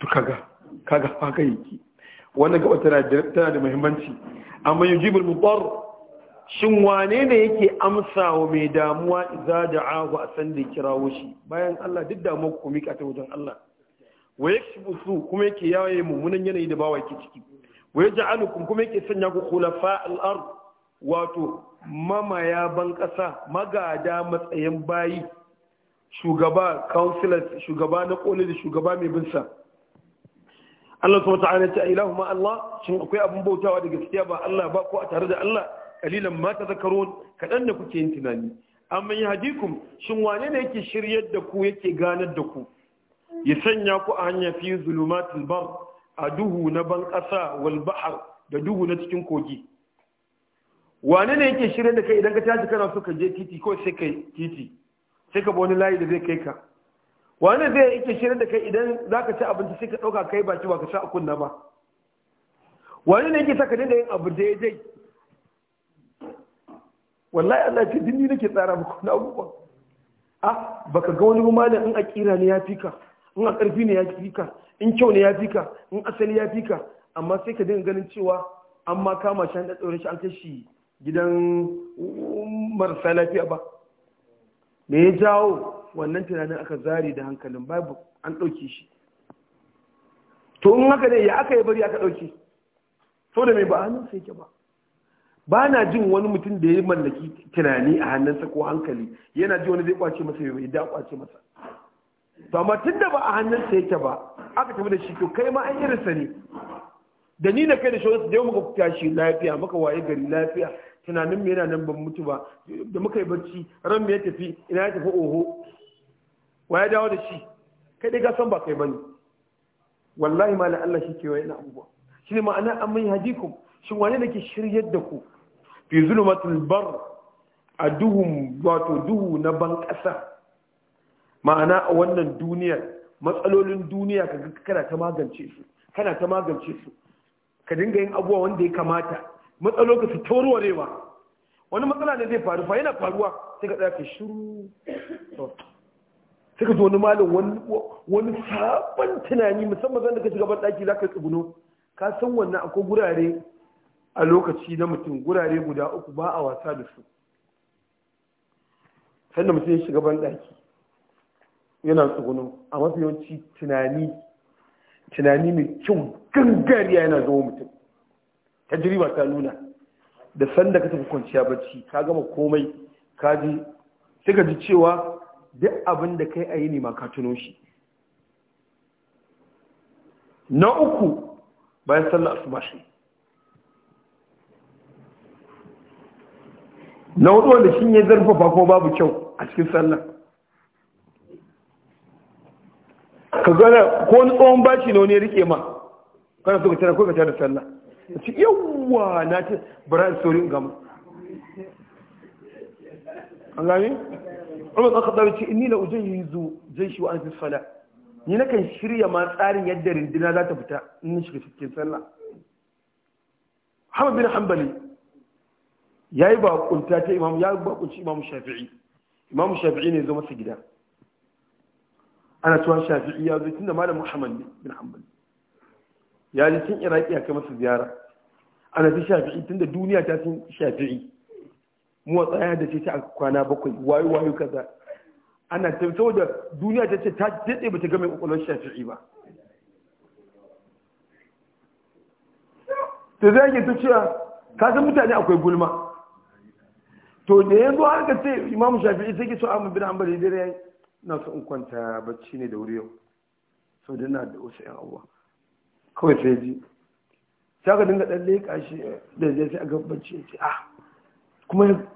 to kaga kaga haka yake wannan gaba tana tana da muhimmanci amma yujibul mudar shin wane ne yake amsa wa mai damuwa idza da'ahu a san da kirawo shi bayan Allah duk damuwa ku mika ta wajen Allah wa yakshifu su kuma yake yaye mummunan yanayi da bawa yake ciki wa yaj'alukum kuma yake sanya ku khulafa al-ard wato mamaya ban kasa magada matsayin bayi shugaba councilor shugaba na koli da shugaba mai binsa Allah subhanahu ta'ala ta ilahu ma Allah shin akwai abin bautawa da gaskiya ba Allah ba ko a tare da Allah kalilan ma tazakkarun kaɗan da kuke yin tunani amma hadikum shin wane ne yake shiryar da ku yake ganar da ku ya sanya ku a hanya fi zulumatul bar a duhu na ban ƙasa wal bahar da duhu na cikin kogi wane ne yake shiryar da kai idan ka tashi kana so ka je titi ko sai kai titi sai ka wani layi da zai kai ka wani zai yake shirin da kai idan za ka ci abinci sai ka ɗauka kai baki ba ka sha kunna ba wani ne yake saka da yin abu daidai wallahi Allah ce dinni nake tsara muku na abubuwa ah baka ga wani malam in akira ne ya fika in a karfi ne ya fika in kyau ne ya fika in asali ya fika amma sai ka dinga ganin cewa an ma kama shi an da tsoron shi an kai shi gidan marasa lafiya ba me ya jawo wannan tunanin aka zari da hankalin babu an ɗauki shi to in haka ne ya aka yi bari aka ɗauki sau da mai ba hannun sai ke ba ba na jin wani mutum da ya mallaki tunani a hannunsa ko hankali yana ji wani zai kwace masa yau da kwace masa to amma tun da ba a hannunsa yake ba aka tafi da shi to kai ma an irinsa ne da ni na kai da shi wasu da yau muka tashi lafiya muka waye gari lafiya tunanin mu yana nan ban mutu ba da muka yi barci ran mu ya tafi ina ya tafi oho wa ya dawo da shi kai dai ka san ba kai bane wallahi ma Allah shi ke wayan abubuwa shi ne ma'ana an mai hadikum shin wane da ke shiryar da ku fi zulumatul bar a duhun wato duhu na ban ƙasa ma'ana a wannan duniyar matsalolin duniya kana ta magance su kana ta magance su ka dinga yin abubuwa wanda ya kamata matsalolin su ne ba wani matsala ne zai faru fa yana faruwa sai ka tsaya ka shiru sai ka zo wani malin wani sabon tunani musamman zan da ka shiga banɗaki za ka tsibino ka san wannan akwai gurare a lokaci na mutum gurare guda uku ba a wasa da su Sannan mutum ya shiga banɗaki yana tsibino a mafi yawanci tunani tunani mai kyau gangariya yana zama mutum tajriba ta nuna da sanda ka tafi kwanciya bacci ka gama komai ka ji sai ka ji cewa duk abin da kai a yi ne ma ka tuno shi na uku bayan sallar asuba shi na hudu wanda shi ne zarfafa kuma babu kyau a cikin sallar ka gana ko wani tsohon bashi na wani rike ma kana so ka tana ko ka tana sallah ya ce yawwa na ce bara saurin gama an gami? umar ɗan kaɗa ce inni na ujen yi zo zai shi wa an ni na kan shirya ma tsarin yadda rindina za ta fita in shiga cikin sallah hamad bin hanbali ya yi bakunta ta imam ya bakunci imam shafi'i imam shafi'i ne zo masa gida ana cewa shafi'i ya zo tun da malam muhammad bin hanbali ya ji cin iraki ya kai masa ziyara ana fi shafi'i tunda duniya ta sun shafi'i mu a tsaya da ce ta kwana bakwai wayo wayo kaza ana ta saboda duniya ta ce ta daɗe ba ta ga mai ƙwaƙwalwar shafi'i ba ta zai ke ta cewa ka san mutane akwai gulma to da yanzu har ka ce imamu shafi'i sai ke so amma bin hanbali dare na so in kwanta bacci ne da wuri yau sau da na da wasu yan abuwa kawai sai ji sai ka dinga ɗan leƙa shi da zai sai a gabbace ce ah kuma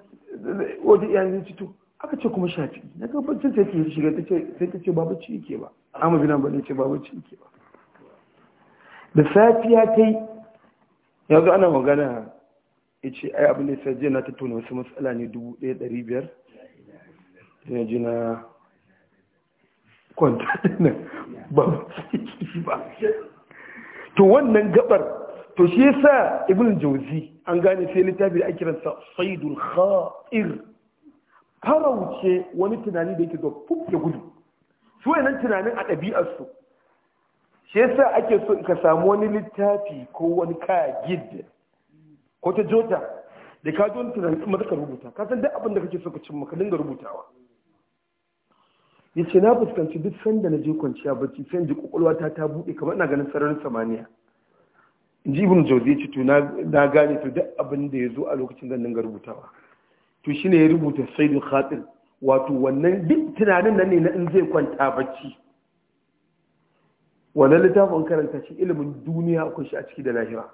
wata iyayen zai cito aka ce kuma shafi na ga sai ke shiga sai ta ce ba bacci yake ba amma binan ba ne ce ba bacci yake ba da safiya ta yi yanzu ana magana ya ce ai abin da ya sajiya na tattauna wasu matsala ne biyar da ji na kwanta ba ba to wannan gabar to shi yasa ibn jauzi an gane sai littafi da ake kiransa saidul khair farauce wani tunani da yake zo fuf ya gudu su wayannan tunanin a ɗabi'ar su shi yasa ake so ka samu wani littafi ko wani kaya gid ko ta jota da ka zo tunanin kuma ka rubuta ka san duk abin da kake so ka cimma ka dinga rubutawa ya ce na fuskanci duk sanda na je kwanciya bacci sai ji kwakwalwata ta buɗe kamar ina ganin sararin samaniya in ji ibn jauzi ce to na gane to duk abin da ya zo a lokacin zan dinga rubutawa to shine ya rubuta saidin khatir wato wannan duk tunanin nan ne na in zai kwanta bacci wannan littafin karanta shi ilimin duniya akwai shi a ciki da lahira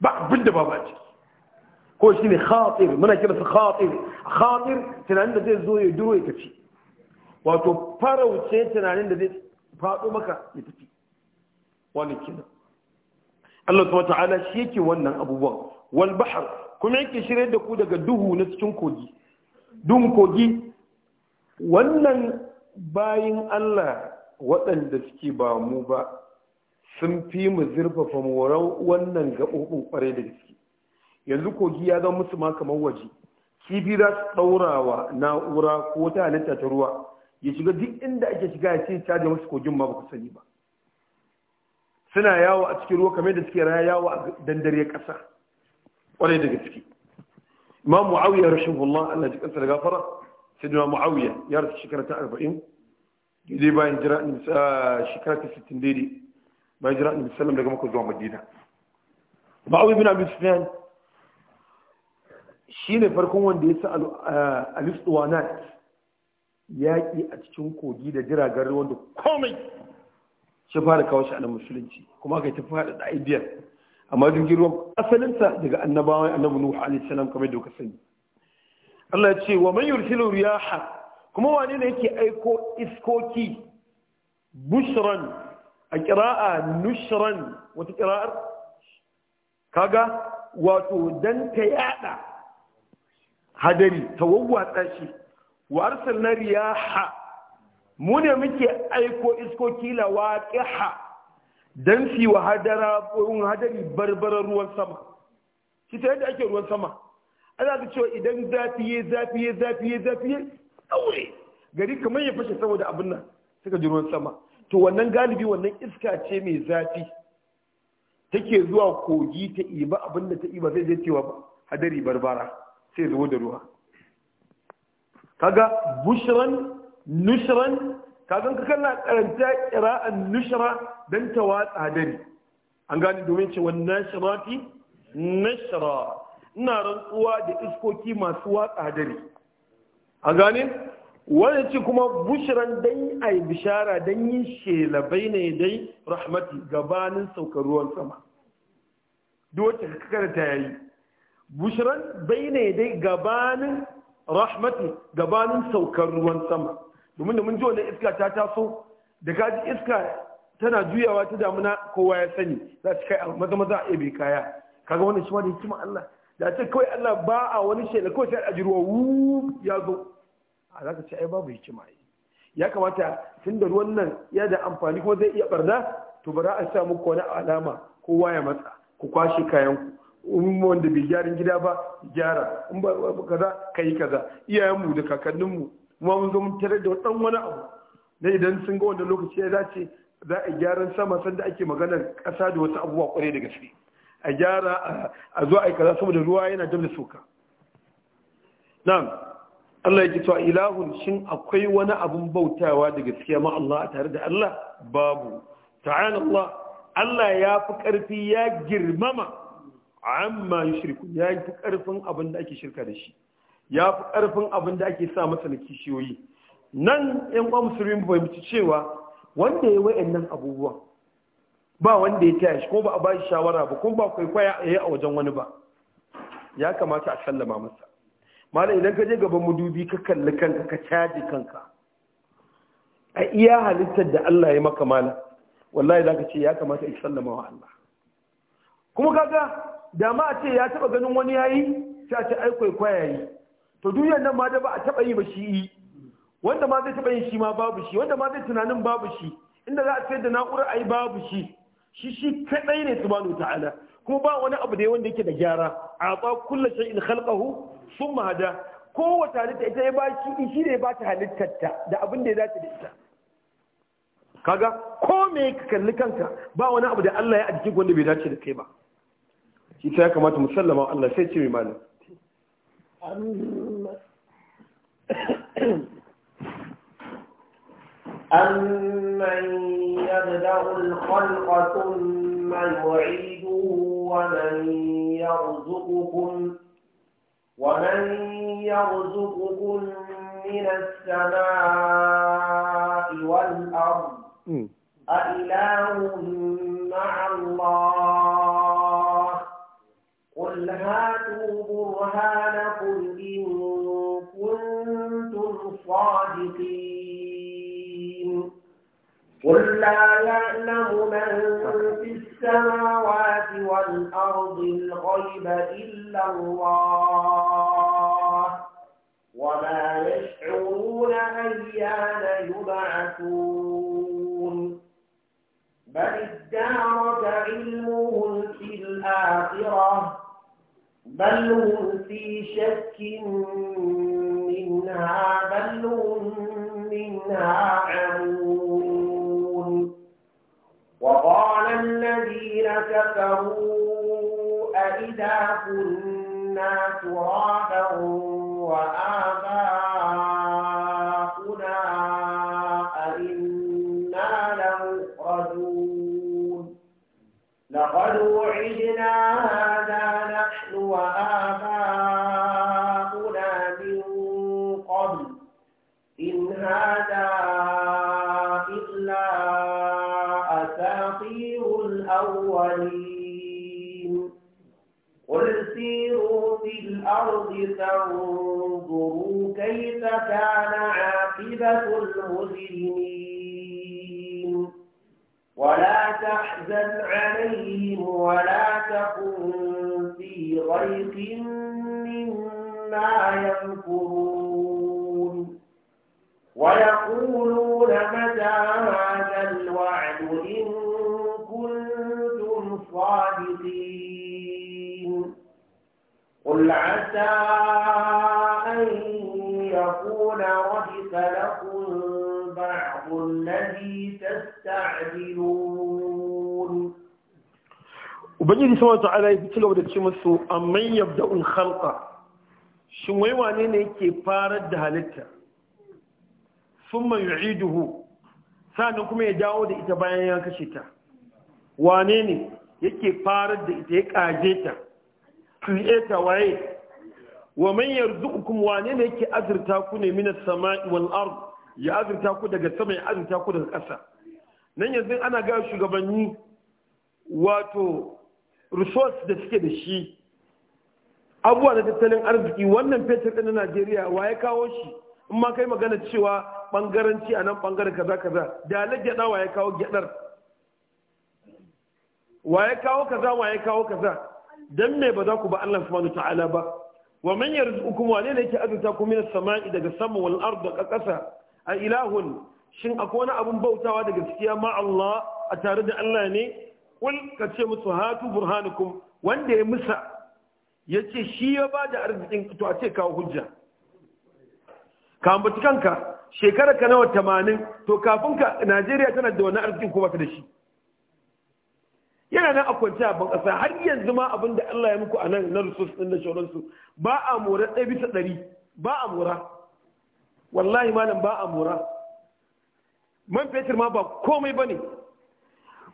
ba abin da ba ba ciki ko shi ne khatir muna kira su khatir khatir tunanin da zai zo ya duro ya tafi wato farauce tunanin da zai faɗo maka ya tafi wani kenan Allah subhanahu ta'ala shi yake wannan abubuwan wal kuma yake shirye da ku daga duhu na cikin kogi Dun kogi wannan bayin Allah waɗanda suke ba mu ba sun fi mu zurfafa moran wannan gaɓoɓin ƙwarai da gaske yanzu kogi ya zama musu ma kamar waje kifi za su ɗaurawa na'ura ko ta halitta ta ruwa ya shiga duk inda ake shiga ya ce caje wasu kogin ma ba ku sani ba suna yawo a cikin ruwa kamar da suke raya yawo a dandare ƙasa ƙwarai da gaske imam muawiya rahimahullah Allah ji kansa da gafara sai da muawiya ya rasu shekara ta 40 dai bayan jira shekara ta 60 daidai bayan jira annabi sallam daga makka zuwa madina muawiya bin abi Shi ne farkon wanda ya sa al-iswanat yaƙi a cikin kogi da jiragen ruwan da komai shi fara kawo shi a musulunci kuma aka yi ta fada da idiyar amma jirgin ruwan asalinsa daga annabawan annabi nuhu alaihi salam kamar da sani Allah ya ce wa man yursilu riyaha kuma wane ne yake aiko iskoki bushran a qira'a nushran wata qira'ar kaga wato dan ta yada hadari tawawwatsa shi wa arsalna riyaha mu ne muke aiko iskoki la waqiha dan fi wa hadara un hadari barbarar ruwan sama ki ta yadda ake ruwan sama ana ga cewa idan zafi ya zafi ya zafi ya zafi ya gari kamar ya fashe saboda abin nan suka ji ruwan sama to wannan galibi wannan iska ce mai zafi take zuwa kogi ta iba abin da ta iba zai je cewa hadari barbara sai zuwa da ruwa kaga bushran nushran kaga ka karanta qira'an nushra dan ta watsa dare an gani domin ce wannan shirati nashra ina rantsuwa da iskoki masu watsa dare a gani wani ce kuma bushran dan ai bishara dan yi shelabai ne dai rahmati gabanin saukar ruwan sama duk wacce ka karanta yayi bushran bai ne dai gabanin rahmatin gabanin saukar ruwan sama domin da mun ji wannan iska ta taso da kaji iska tana juyawa ta damuna kowa ya sani za su kai maza maza a ebe kaya kaga wannan shi ma da hikima Allah da ce kawai Allah ba a wani shela kawai sai a jirwa wu ya zo a za ka ce ai babu hikima ai ya kamata tun da ruwan nan ya da amfani kuma zai iya barna to bara a sa muku wani alama kowa ya matsa ku kwashe kayanku. umma wanda bai gyaran gida ba gyara in ba kaza kai kaza iyayenmu da kakanninmu kuma mun zo mun tare da dan wani abu na idan sun ga wanda lokaci ya dace za a gyaran sama sanda ake magana kasa da wasu abubuwa kware da gaske a gyara a zo a yi kaza saboda ruwa yana dab da soka na'am Allah yake cewa ilahun shin akwai wani abun bautawa da gaskiya ma Allah tare da Allah babu ta'ala Allah Allah ya fi karfi ya girmama amma shirku ya yi fi karfin abin da ake shirka da shi ya fi karfin abin da ake sa masa na kishiyoyi nan yan uwa musulmi bai mutu cewa wanda ya nan abubuwa ba wanda ya taya shi ko ba a bashi shawara ba kuma ba kwaikwaya a yi a wajen wani ba ya kamata a sallama masa malam idan ka je gaban madubi ka kalli kanka ka caji kanka a iya halittar da Allah ya maka malam wallahi zaka ce ya kamata a sallama wa Allah kuma kaga da ma a ce ya taba ganin wani yayi sai a ce ai kwaikwaya yayi to duniyar nan ma da ba a taba yi ba shi yi wanda ma zai taba yin shi ma babu shi wanda ma zai tunanin babu shi inda za a sayar da na'urar ai babu shi shi shi kadai ne subhanahu ta'ala kuma ba wani abu da wanda yake da gyara a ba kullu shay'in khalqahu thumma hada kowace halitta ita ya ba shi shi ne ba ta ta da abin da ya dace da ita kaga ko me ka kalli kanka ba wani abu da Allah ya ajiye wanda bai dace da kai ba kita ya kamata musallama Allah sai ce mai malam أمن يبدأ الخلق ثم يعيده ومن يرزقكم ومن يرزقكم من السماء والأرض أإله مع الله قل هاتوا برهانكم إن كنتم صادقين قل لا يعلم من في السماوات والأرض الغيب إلا الله بل هم في شك منها بل هم منها ubangiji sama ala ya ci gaba da ce masu amman un halka. shin wai wane ne yake farar da halitta Sun yi duhu. sannan kuma ya dawo da ita bayan ya kashe ta wane ne yake farar da ita ya kaje ta creator waye wa man hukum wane ne yake azurta ku ne minas sama'i wal ard ya azurta ku daga sama ya azurta ku daga ƙasa nan yanzu ana ga shugabanni wato resource da suke da shi Abuwa na tattalin arziki wannan fetur ɗin na najeriya wa ya kawo shi in ma kai magana cewa ɓangaranci a nan ɓangaren kaza kaza da gyaɗa wa ya kawo gyaɗar wa ya kawo kaza wa ya kawo kaza dan me ba za ku ba Allah subhanahu ta'ala ba wa man yarzuqukum wane ne yake azurta ku min samai daga sama wal ard da kasa a ilahun shin akwai wani abun bautawa da gaskiya ma Allah a tare da Allah ne kul ka ce musu hatu burhanukum wanda ya musa ya ce shi ya ba da arzikin to a ce kawo hujja ka ambaci kanka shekara ka nawa tamanin to kafin ka najeriya tana da wani arzikin kuma ka da shi yana nan a kwanci a har yanzu ma abin da allah ya muku a nan na rusus din da shauransu ba a mora ɗaya bisa ɗari ba a mora wallahi malam ba a mora man fetur ma ba komai ba ne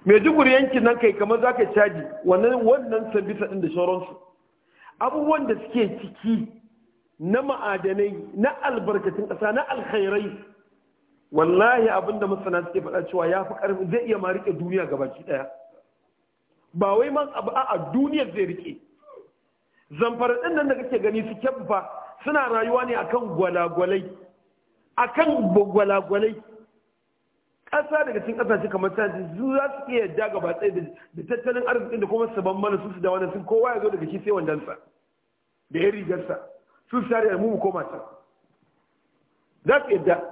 maiduguri yankin nan kai kamar za ka caji wannan sabisa bisa ɗin da sauransu abubuwan da suke ciki na ma'adanai na albarkatun ƙasa na alkhairai wallahi abinda masana suke faɗa cewa ya fi ƙarfi zai iya ma riƙe duniya baki ɗaya ba wai man abu a duniya zai riƙe zamfara ɗin nan da kake gani su kyabba suna rayuwa ne akan gwalagwalai akan gwalagwalai ƙasa daga cikin ƙasashe kamar ta su za su iya yadda gaba tsaye da tattalin arzikin da kuma su ban mana su su da wannan sun kowa ya zo daga shi sai wandansa da ya rigarsa su su tare da mu mu koma can za su yadda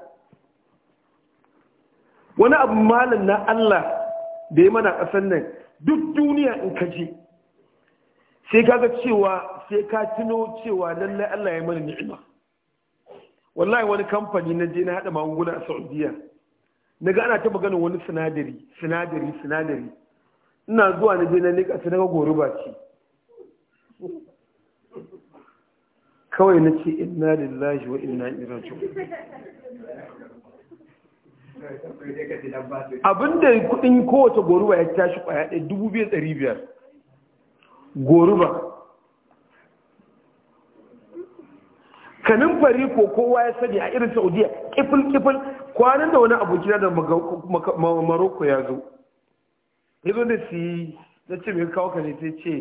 wani abu malam na Allah da ya mana ƙasar nan duk duniya in ka je sai ka ga cewa sai ka tuno cewa lallai Allah ya mana ni'ima wallahi wani kamfani na je na haɗa magunguna a Saudiya na ga ana ta maganin wani sinadari sinadari sinadari ina zuwa na je na nika na gori goruba ce kawai na ce inna lillahi wa inna ilaihi raji'un abinda kudin kowace goruba ya tashi kwaya ɗaya dubu biyu ɗari biyar goruba kanin fari ko kowa ya sani a irin saudiya kifin kifin. kwanan da wani abokina da maroko ya zo ya zo da su yi na ce mai kawo ka ne sai ce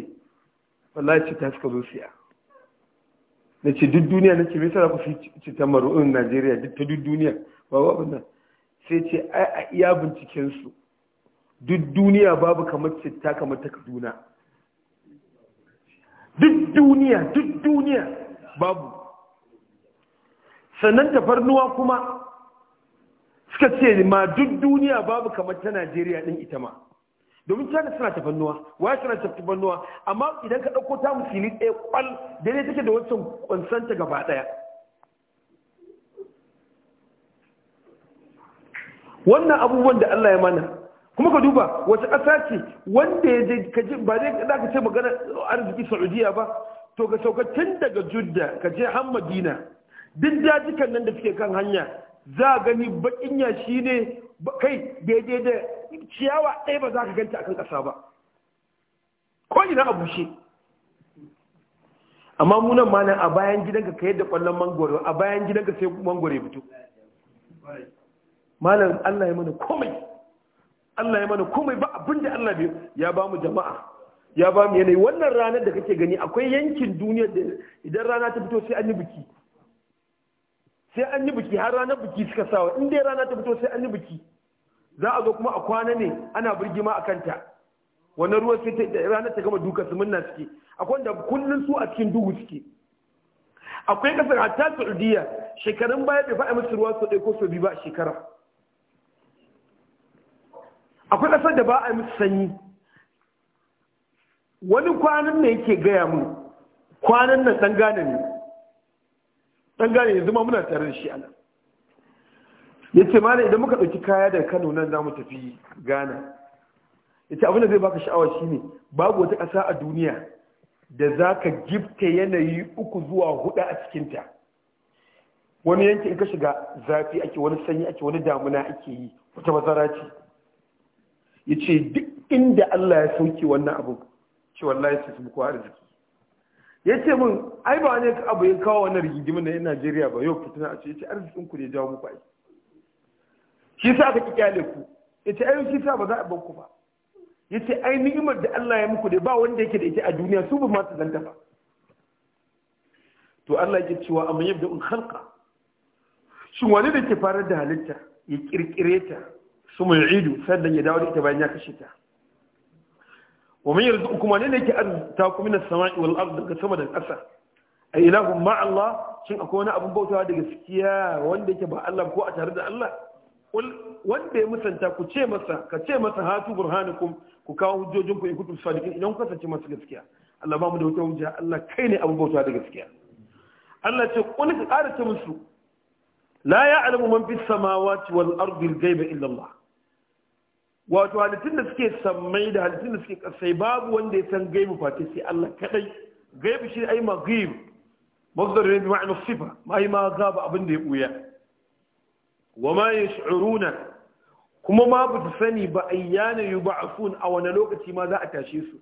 wallahi ta suka zo siya na ce duk duniya na ce mai sa ku fi cita in najeriya duk ta duk duniya ba ba nan sai ce ai a iya bincikensu duk duniya babu kamar cita kamar ta kaduna duk duniya duk duniya babu sannan tafarnuwa kuma suka ce ma duk duniya babu kamar ta najeriya din ita ma domin ta suna tafannuwa waya suna tafannuwa amma idan ka ɗauko ta musulmi ɗaya kwal daidai take da wancan kwansanta gaba ɗaya wannan abubuwan da allah ya mana kuma ka duba wata ƙasa ce wanda ya je ka ba zai za ka ce magana arziki saudiya ba to ka saukacin tun daga judda ka je hamadina duk dajikan nan da suke kan hanya za a gani ya shi ne kai daidai da ciyawa ɗaya ba za ka ganta a kan ƙasa ba ko ina a bushe amma munan ma nan a bayan gidanka ka yadda ƙwallon mangoro a bayan gidanka sai mangoro ya fito malam Allah ya mana komai Allah ya mana komai ba abinda Allah bai ya ba mu jama'a ya ba mu yanayi wannan ranar da kake gani akwai yankin duniya da idan rana ta fito sai an yi biki sai an yi biki har ranar biki suka sawa in dai rana ta fito sai an yi biki za a zo kuma a kwana ne ana ma a kanta wannan ruwa sai ranar ta gama duka su munna suke akwai da kullun su a cikin duhu suke akwai kasar hatta saudiya shekarun baya bai fa'a musu ruwa sau ɗaya ko sau biyu ba a shekara akwai kasar da ba a musu sanyi wani kwanan ne yake gaya mu? kwanan nan dan gane ne dan gane yanzu ma muna tare da shi nan. ya ce ma idan muka ɗauki kaya da kano nan za mu tafi ghana ya ce abinda zai baka sha'awa shine babu wata ƙasa a duniya da za ka gifta yanayi uku zuwa hudu a cikinta wani yanki in ka shiga zafi ake wani sanyi ake wani damuna ake yi wata bazara ce ya ce duk inda allah ya sauke wannan abu ce wallahi su muku arziki ya ce min ai ba ne abu ya kawo wannan rigigimin na 'yan najeriya ba yau fitina a ce ya ce arzikin ku ne jawo muku aiki shi sa aka ki kyale ku ya ce ai shi sa ba za a banku ba ya ce ai ni'imar da Allah ya muku da ba wanda yake da ita a duniya su ba ma su zanta ba to Allah ya cewa amma yadda in halka shin wani da ke farar da halitta ya kirkire ta su mai idu sannan ya dawo da ita bayan ya kashe ta wa man yarzuqukum wa ne yake arzuta ku minas sama'i wal ard daga sama da ƙasa ai ilahum ma Allah shin akwai wani abun bautawa da gaskiya wanda yake ba Allah ko a tare da Allah wanda ya musanta ku ce masa ka ce masa hatu burhanakum ku kawo hujjojin ku in kuntum idan ku kasance masu gaskiya Allah ba mu da wata hujja Allah kai ne abun bautawa da gaskiya Allah ce kun ka ƙara ta musu la ya'lamu man fis samawati wal ardi al-ghaiba illa Allah wato halittun da suke sammai da halittun da suke kasai babu wanda ya san gaibu face sai Allah kadai gaibu shi ai maghib mazdar ne bima'ana sifa mai ma gaba abin da ya buya wa ma yash'uruna kuma ma bu ta sani ba a yub'asun a wani lokaci ma za a tashe su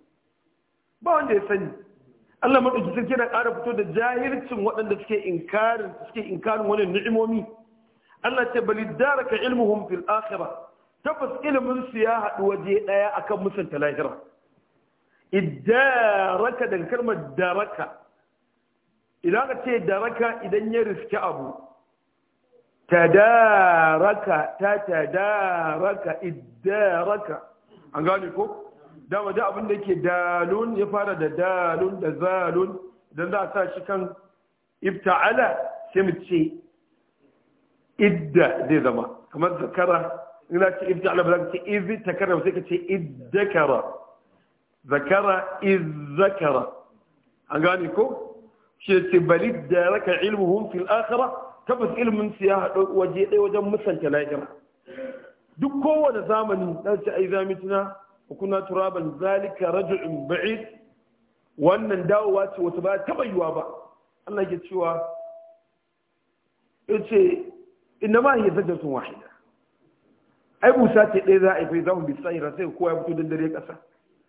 ba wanda ya sani Allah madauki sarki yana ƙara fito da jahilcin waɗanda suke inkarin suke wani ni'imomi Allah ce balidaraka ilmuhum fil akhirah tabbas ilimin su ya haɗu waje ɗaya akan musanta lahira idaraka daga kalmar daraka idan ka ce daraka idan ya riski abu tadaraka ta tadaraka idaraka an gane ko dama da abin da ke dalun ya fara da dalun da zalun idan za a sa shi kan ifta'ala sai mu ce idda zai zama kamar zakara ina ce ibta ala ba ce iz takara sai kace ce iz zakara zakara iz zakara an gane ko shi ce bali da raka ilmuhum fil akhirah tabbas ilmin su ya haɗo waje ɗaya wajen musanta lahira duk kowane zamani na ce ai zamituna kuna turaban zalika rajulun ba'id wannan dawowa ce wata ba taɓa yiwa ba Allah ke cewa ya ce inna ma hiya zajratun wahida ai busa ce ɗaya za a yi fai mu bi tsayira sai kowa ya fito don dare ƙasa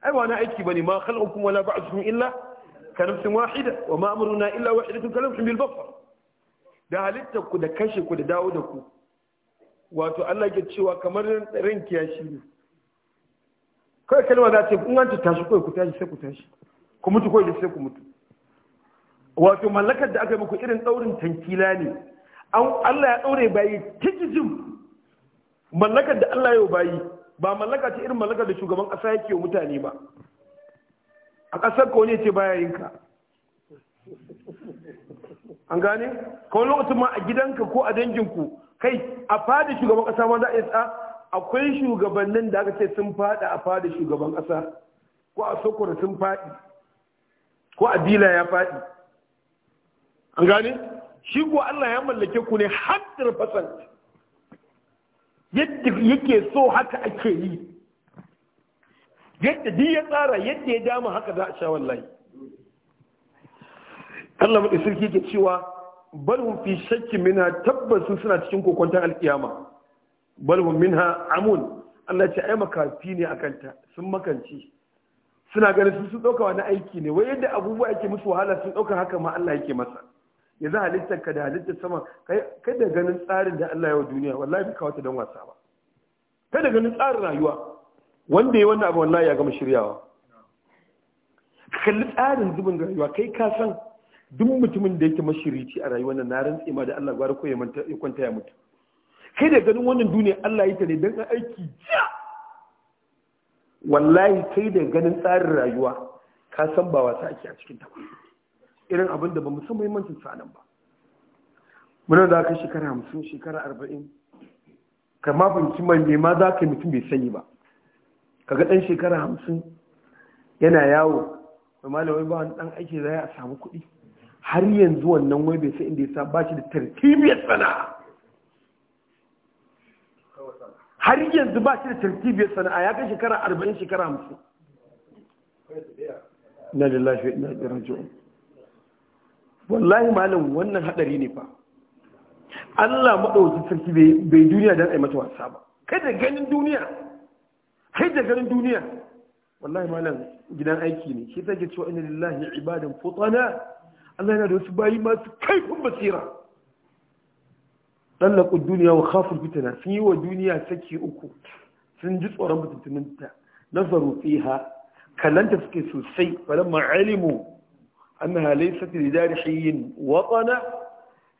ai ba na aiki bane ma khalqakum wala ba'thukum illa kanfsin wahida wa ma amruna illa wahidatun ka bil basar da halitta ku da kashe ku da dawo da ku wato Allah yake cewa kamar ran kiyashi ne kai kalma za ta kun an ta tashi kai ku tashi sai ku tashi ku mutu kai sai ku mutu wato mallakar da aka muku irin daurin tankila ne Allah ya daure bayi tijijin mallakar da Allah yau bayi ba mallaka ce irin mallakar da shugaban ƙasa yake wa mutane ba a ƙasar ka wani ce baya yinka. an gane kawai lokacin ma a gidanka ko a danginku kai a fada shugaban ƙasa ma za a yi tsa akwai shugabannin da aka ce sun fada a fada shugaban ƙasa ko a sokoro sun faɗi ko a dila ya faɗi an gane shi ko Allah ya mallake ku ne 100% yadda yake so haka ake yi yadda duk ya tsara yadda ya dama haka za a sha wallahi Allah mai sarki ke cewa balhum fi shakki minha tabbas suna cikin kokonta alkiyama balhum minha amun Allah ce ai makafi ne akanta sun makanci suna ganin sun dauka wani aiki ne wai yadda abubuwa yake musu wahala sun dauka haka ma Allah yake masa yanzu halittar ka da halittar sama kai da ganin tsarin da Allah ya wa duniya wallahi bai kawo ta don wasa ba kai da ganin tsarin rayuwa wanda ya wannan abu wallahi ya gama shiryawa kalli tsarin zubin rayuwa kai ka san duk mutumin da yake mashirici a rayuwar nan na rantse ma da Allah gwara ko ya kwanta ya mutu kai da ganin wannan duniya Allah ya ta ne don aiki ja wallahi kai da ganin tsarin rayuwa ka san ba wasa ake a cikin ta irin abin da ba mu san muhimmancin sa nan ba muna da kai shekara hamsin shekara arba'in ka ma fahimci man ma za ka mutum bai sani ba kaga ɗan shekara hamsin yana yawo da malamai ba wani ɗan aiki zai a samu kuɗi har yanzu wannan wai bai sai inda ya sa ba shi da tartibiyar sana'a har yanzu ba shi da tartibiyar sana'a ya kai shekara arba'in shekara hamsin na lillahi na jirajiyar wallahi malam wannan hadari ne fa Allah maɗauki sarki bai duniya dan a yi mata wasa ba kai da ganin duniya kai da ganin duniya wallahi malam gidan aiki ne shi take cewa inna lillahi ibadan futana Allah yana da wasu bayi masu kaifin basira tallaqu duniya wa khafu fitna sun yi wa duniya saki uku sun ji tsoron mutuntunta nazaru fiha kallanta suke sosai falamma maalimu an halai li dari hayyin watsana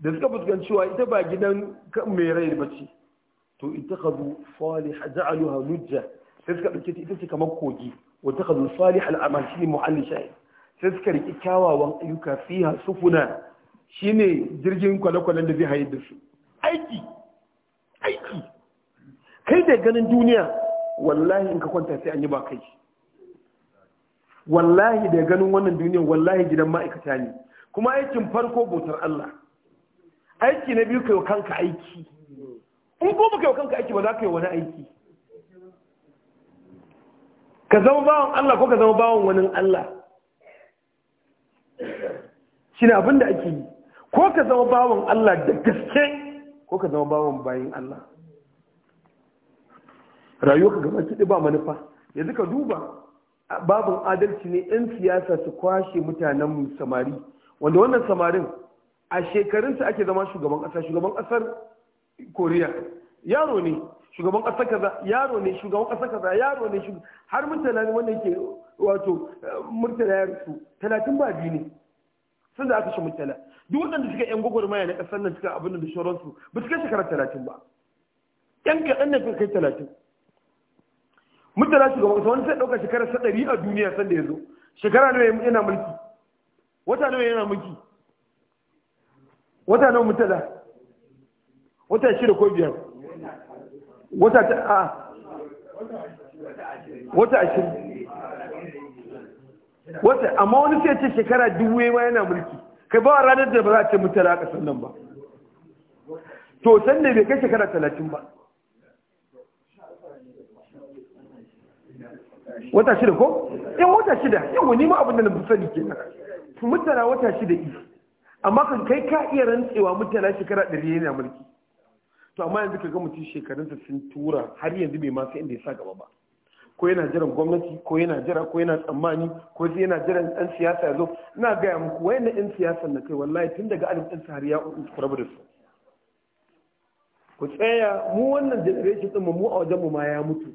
da suka fuskanci cewa ita ba gidan mai rai ba ce to ittakhadhu salih ja'aluha nujja sai suka ɗauke ita ce kamar kogi wa takhadhu salih al'amal shine muhalli shahid sai suka riki kyawawan ayyuka fiha sufuna shine jirgin kwale-kwalen da zai haye da su aiki aiki kai da ganin duniya wallahi in ka kwanta sai an yi ba kai wallahi da ganin wannan duniya wallahi gidan ma'aikata ne kuma aikin farko bautar Allah aiki na biyu kai kanka aiki in ko baka yi kanka aiki ba za ka yi wani aiki ka zama bawan Allah ko ka zama bawan wani Allah shi na abin da ake yi ko ka zama bawan Allah da gaske ko ka zama bawan bayan Allah rayuwa ka gama kiɗi ba manufa yanzu ka duba babin adalci ne 'yan siyasa su kwashe mutanen samari wanda wannan samarin a shekarunsa ake zama shugaban ƙasa shugaban ƙasar koriya yaro ne shugaban ƙasa kaza yaro ne shugaban ƙasa kaza yaro ne har mutane ne wanda yake wato murtala ya rufu talatin ba biyu ne sun da aka shi murtala duk waɗanda suka yan gwagwarmaya na ƙasar nan suka abin da shoransu ba su kai shekarar talatin ba yan kaɗan ne kai talatin mutum na shugaban kasa wani sai ɗauka shekarar saɗari a duniya sanda ya zo shekara nawa yana mulki wata nawa yana mulki wata nawa mutala wata shida ko biyar wata ta a wata ashirin wata amma wani sai ce shekara dubu ma yana mulki kai ba ranar da ba za a ce mutala a ƙasar nan ba to sanda bai kai shekara talatin ba wata shida ko in wata shida yau ni ma abin da na fi sani ke nan mutana wata shida yi amma kan kai ka iya rantsewa mutana shekara ɗari yana mulki to amma yanzu ka ga mutum shekarunsa sun tura har yanzu bai masu inda ya sa gaba ba ko yana jiran gwamnati ko yana jira ko yana tsammani ko sai yana jiran ɗan siyasa ya zo ina gaya muku wayannan ɗan siyasa na kai wallahi tun daga alif ɗin har ya ku rabu da su ku tsaya mu wannan generation ɗin mu a wajen mu ma ya mutu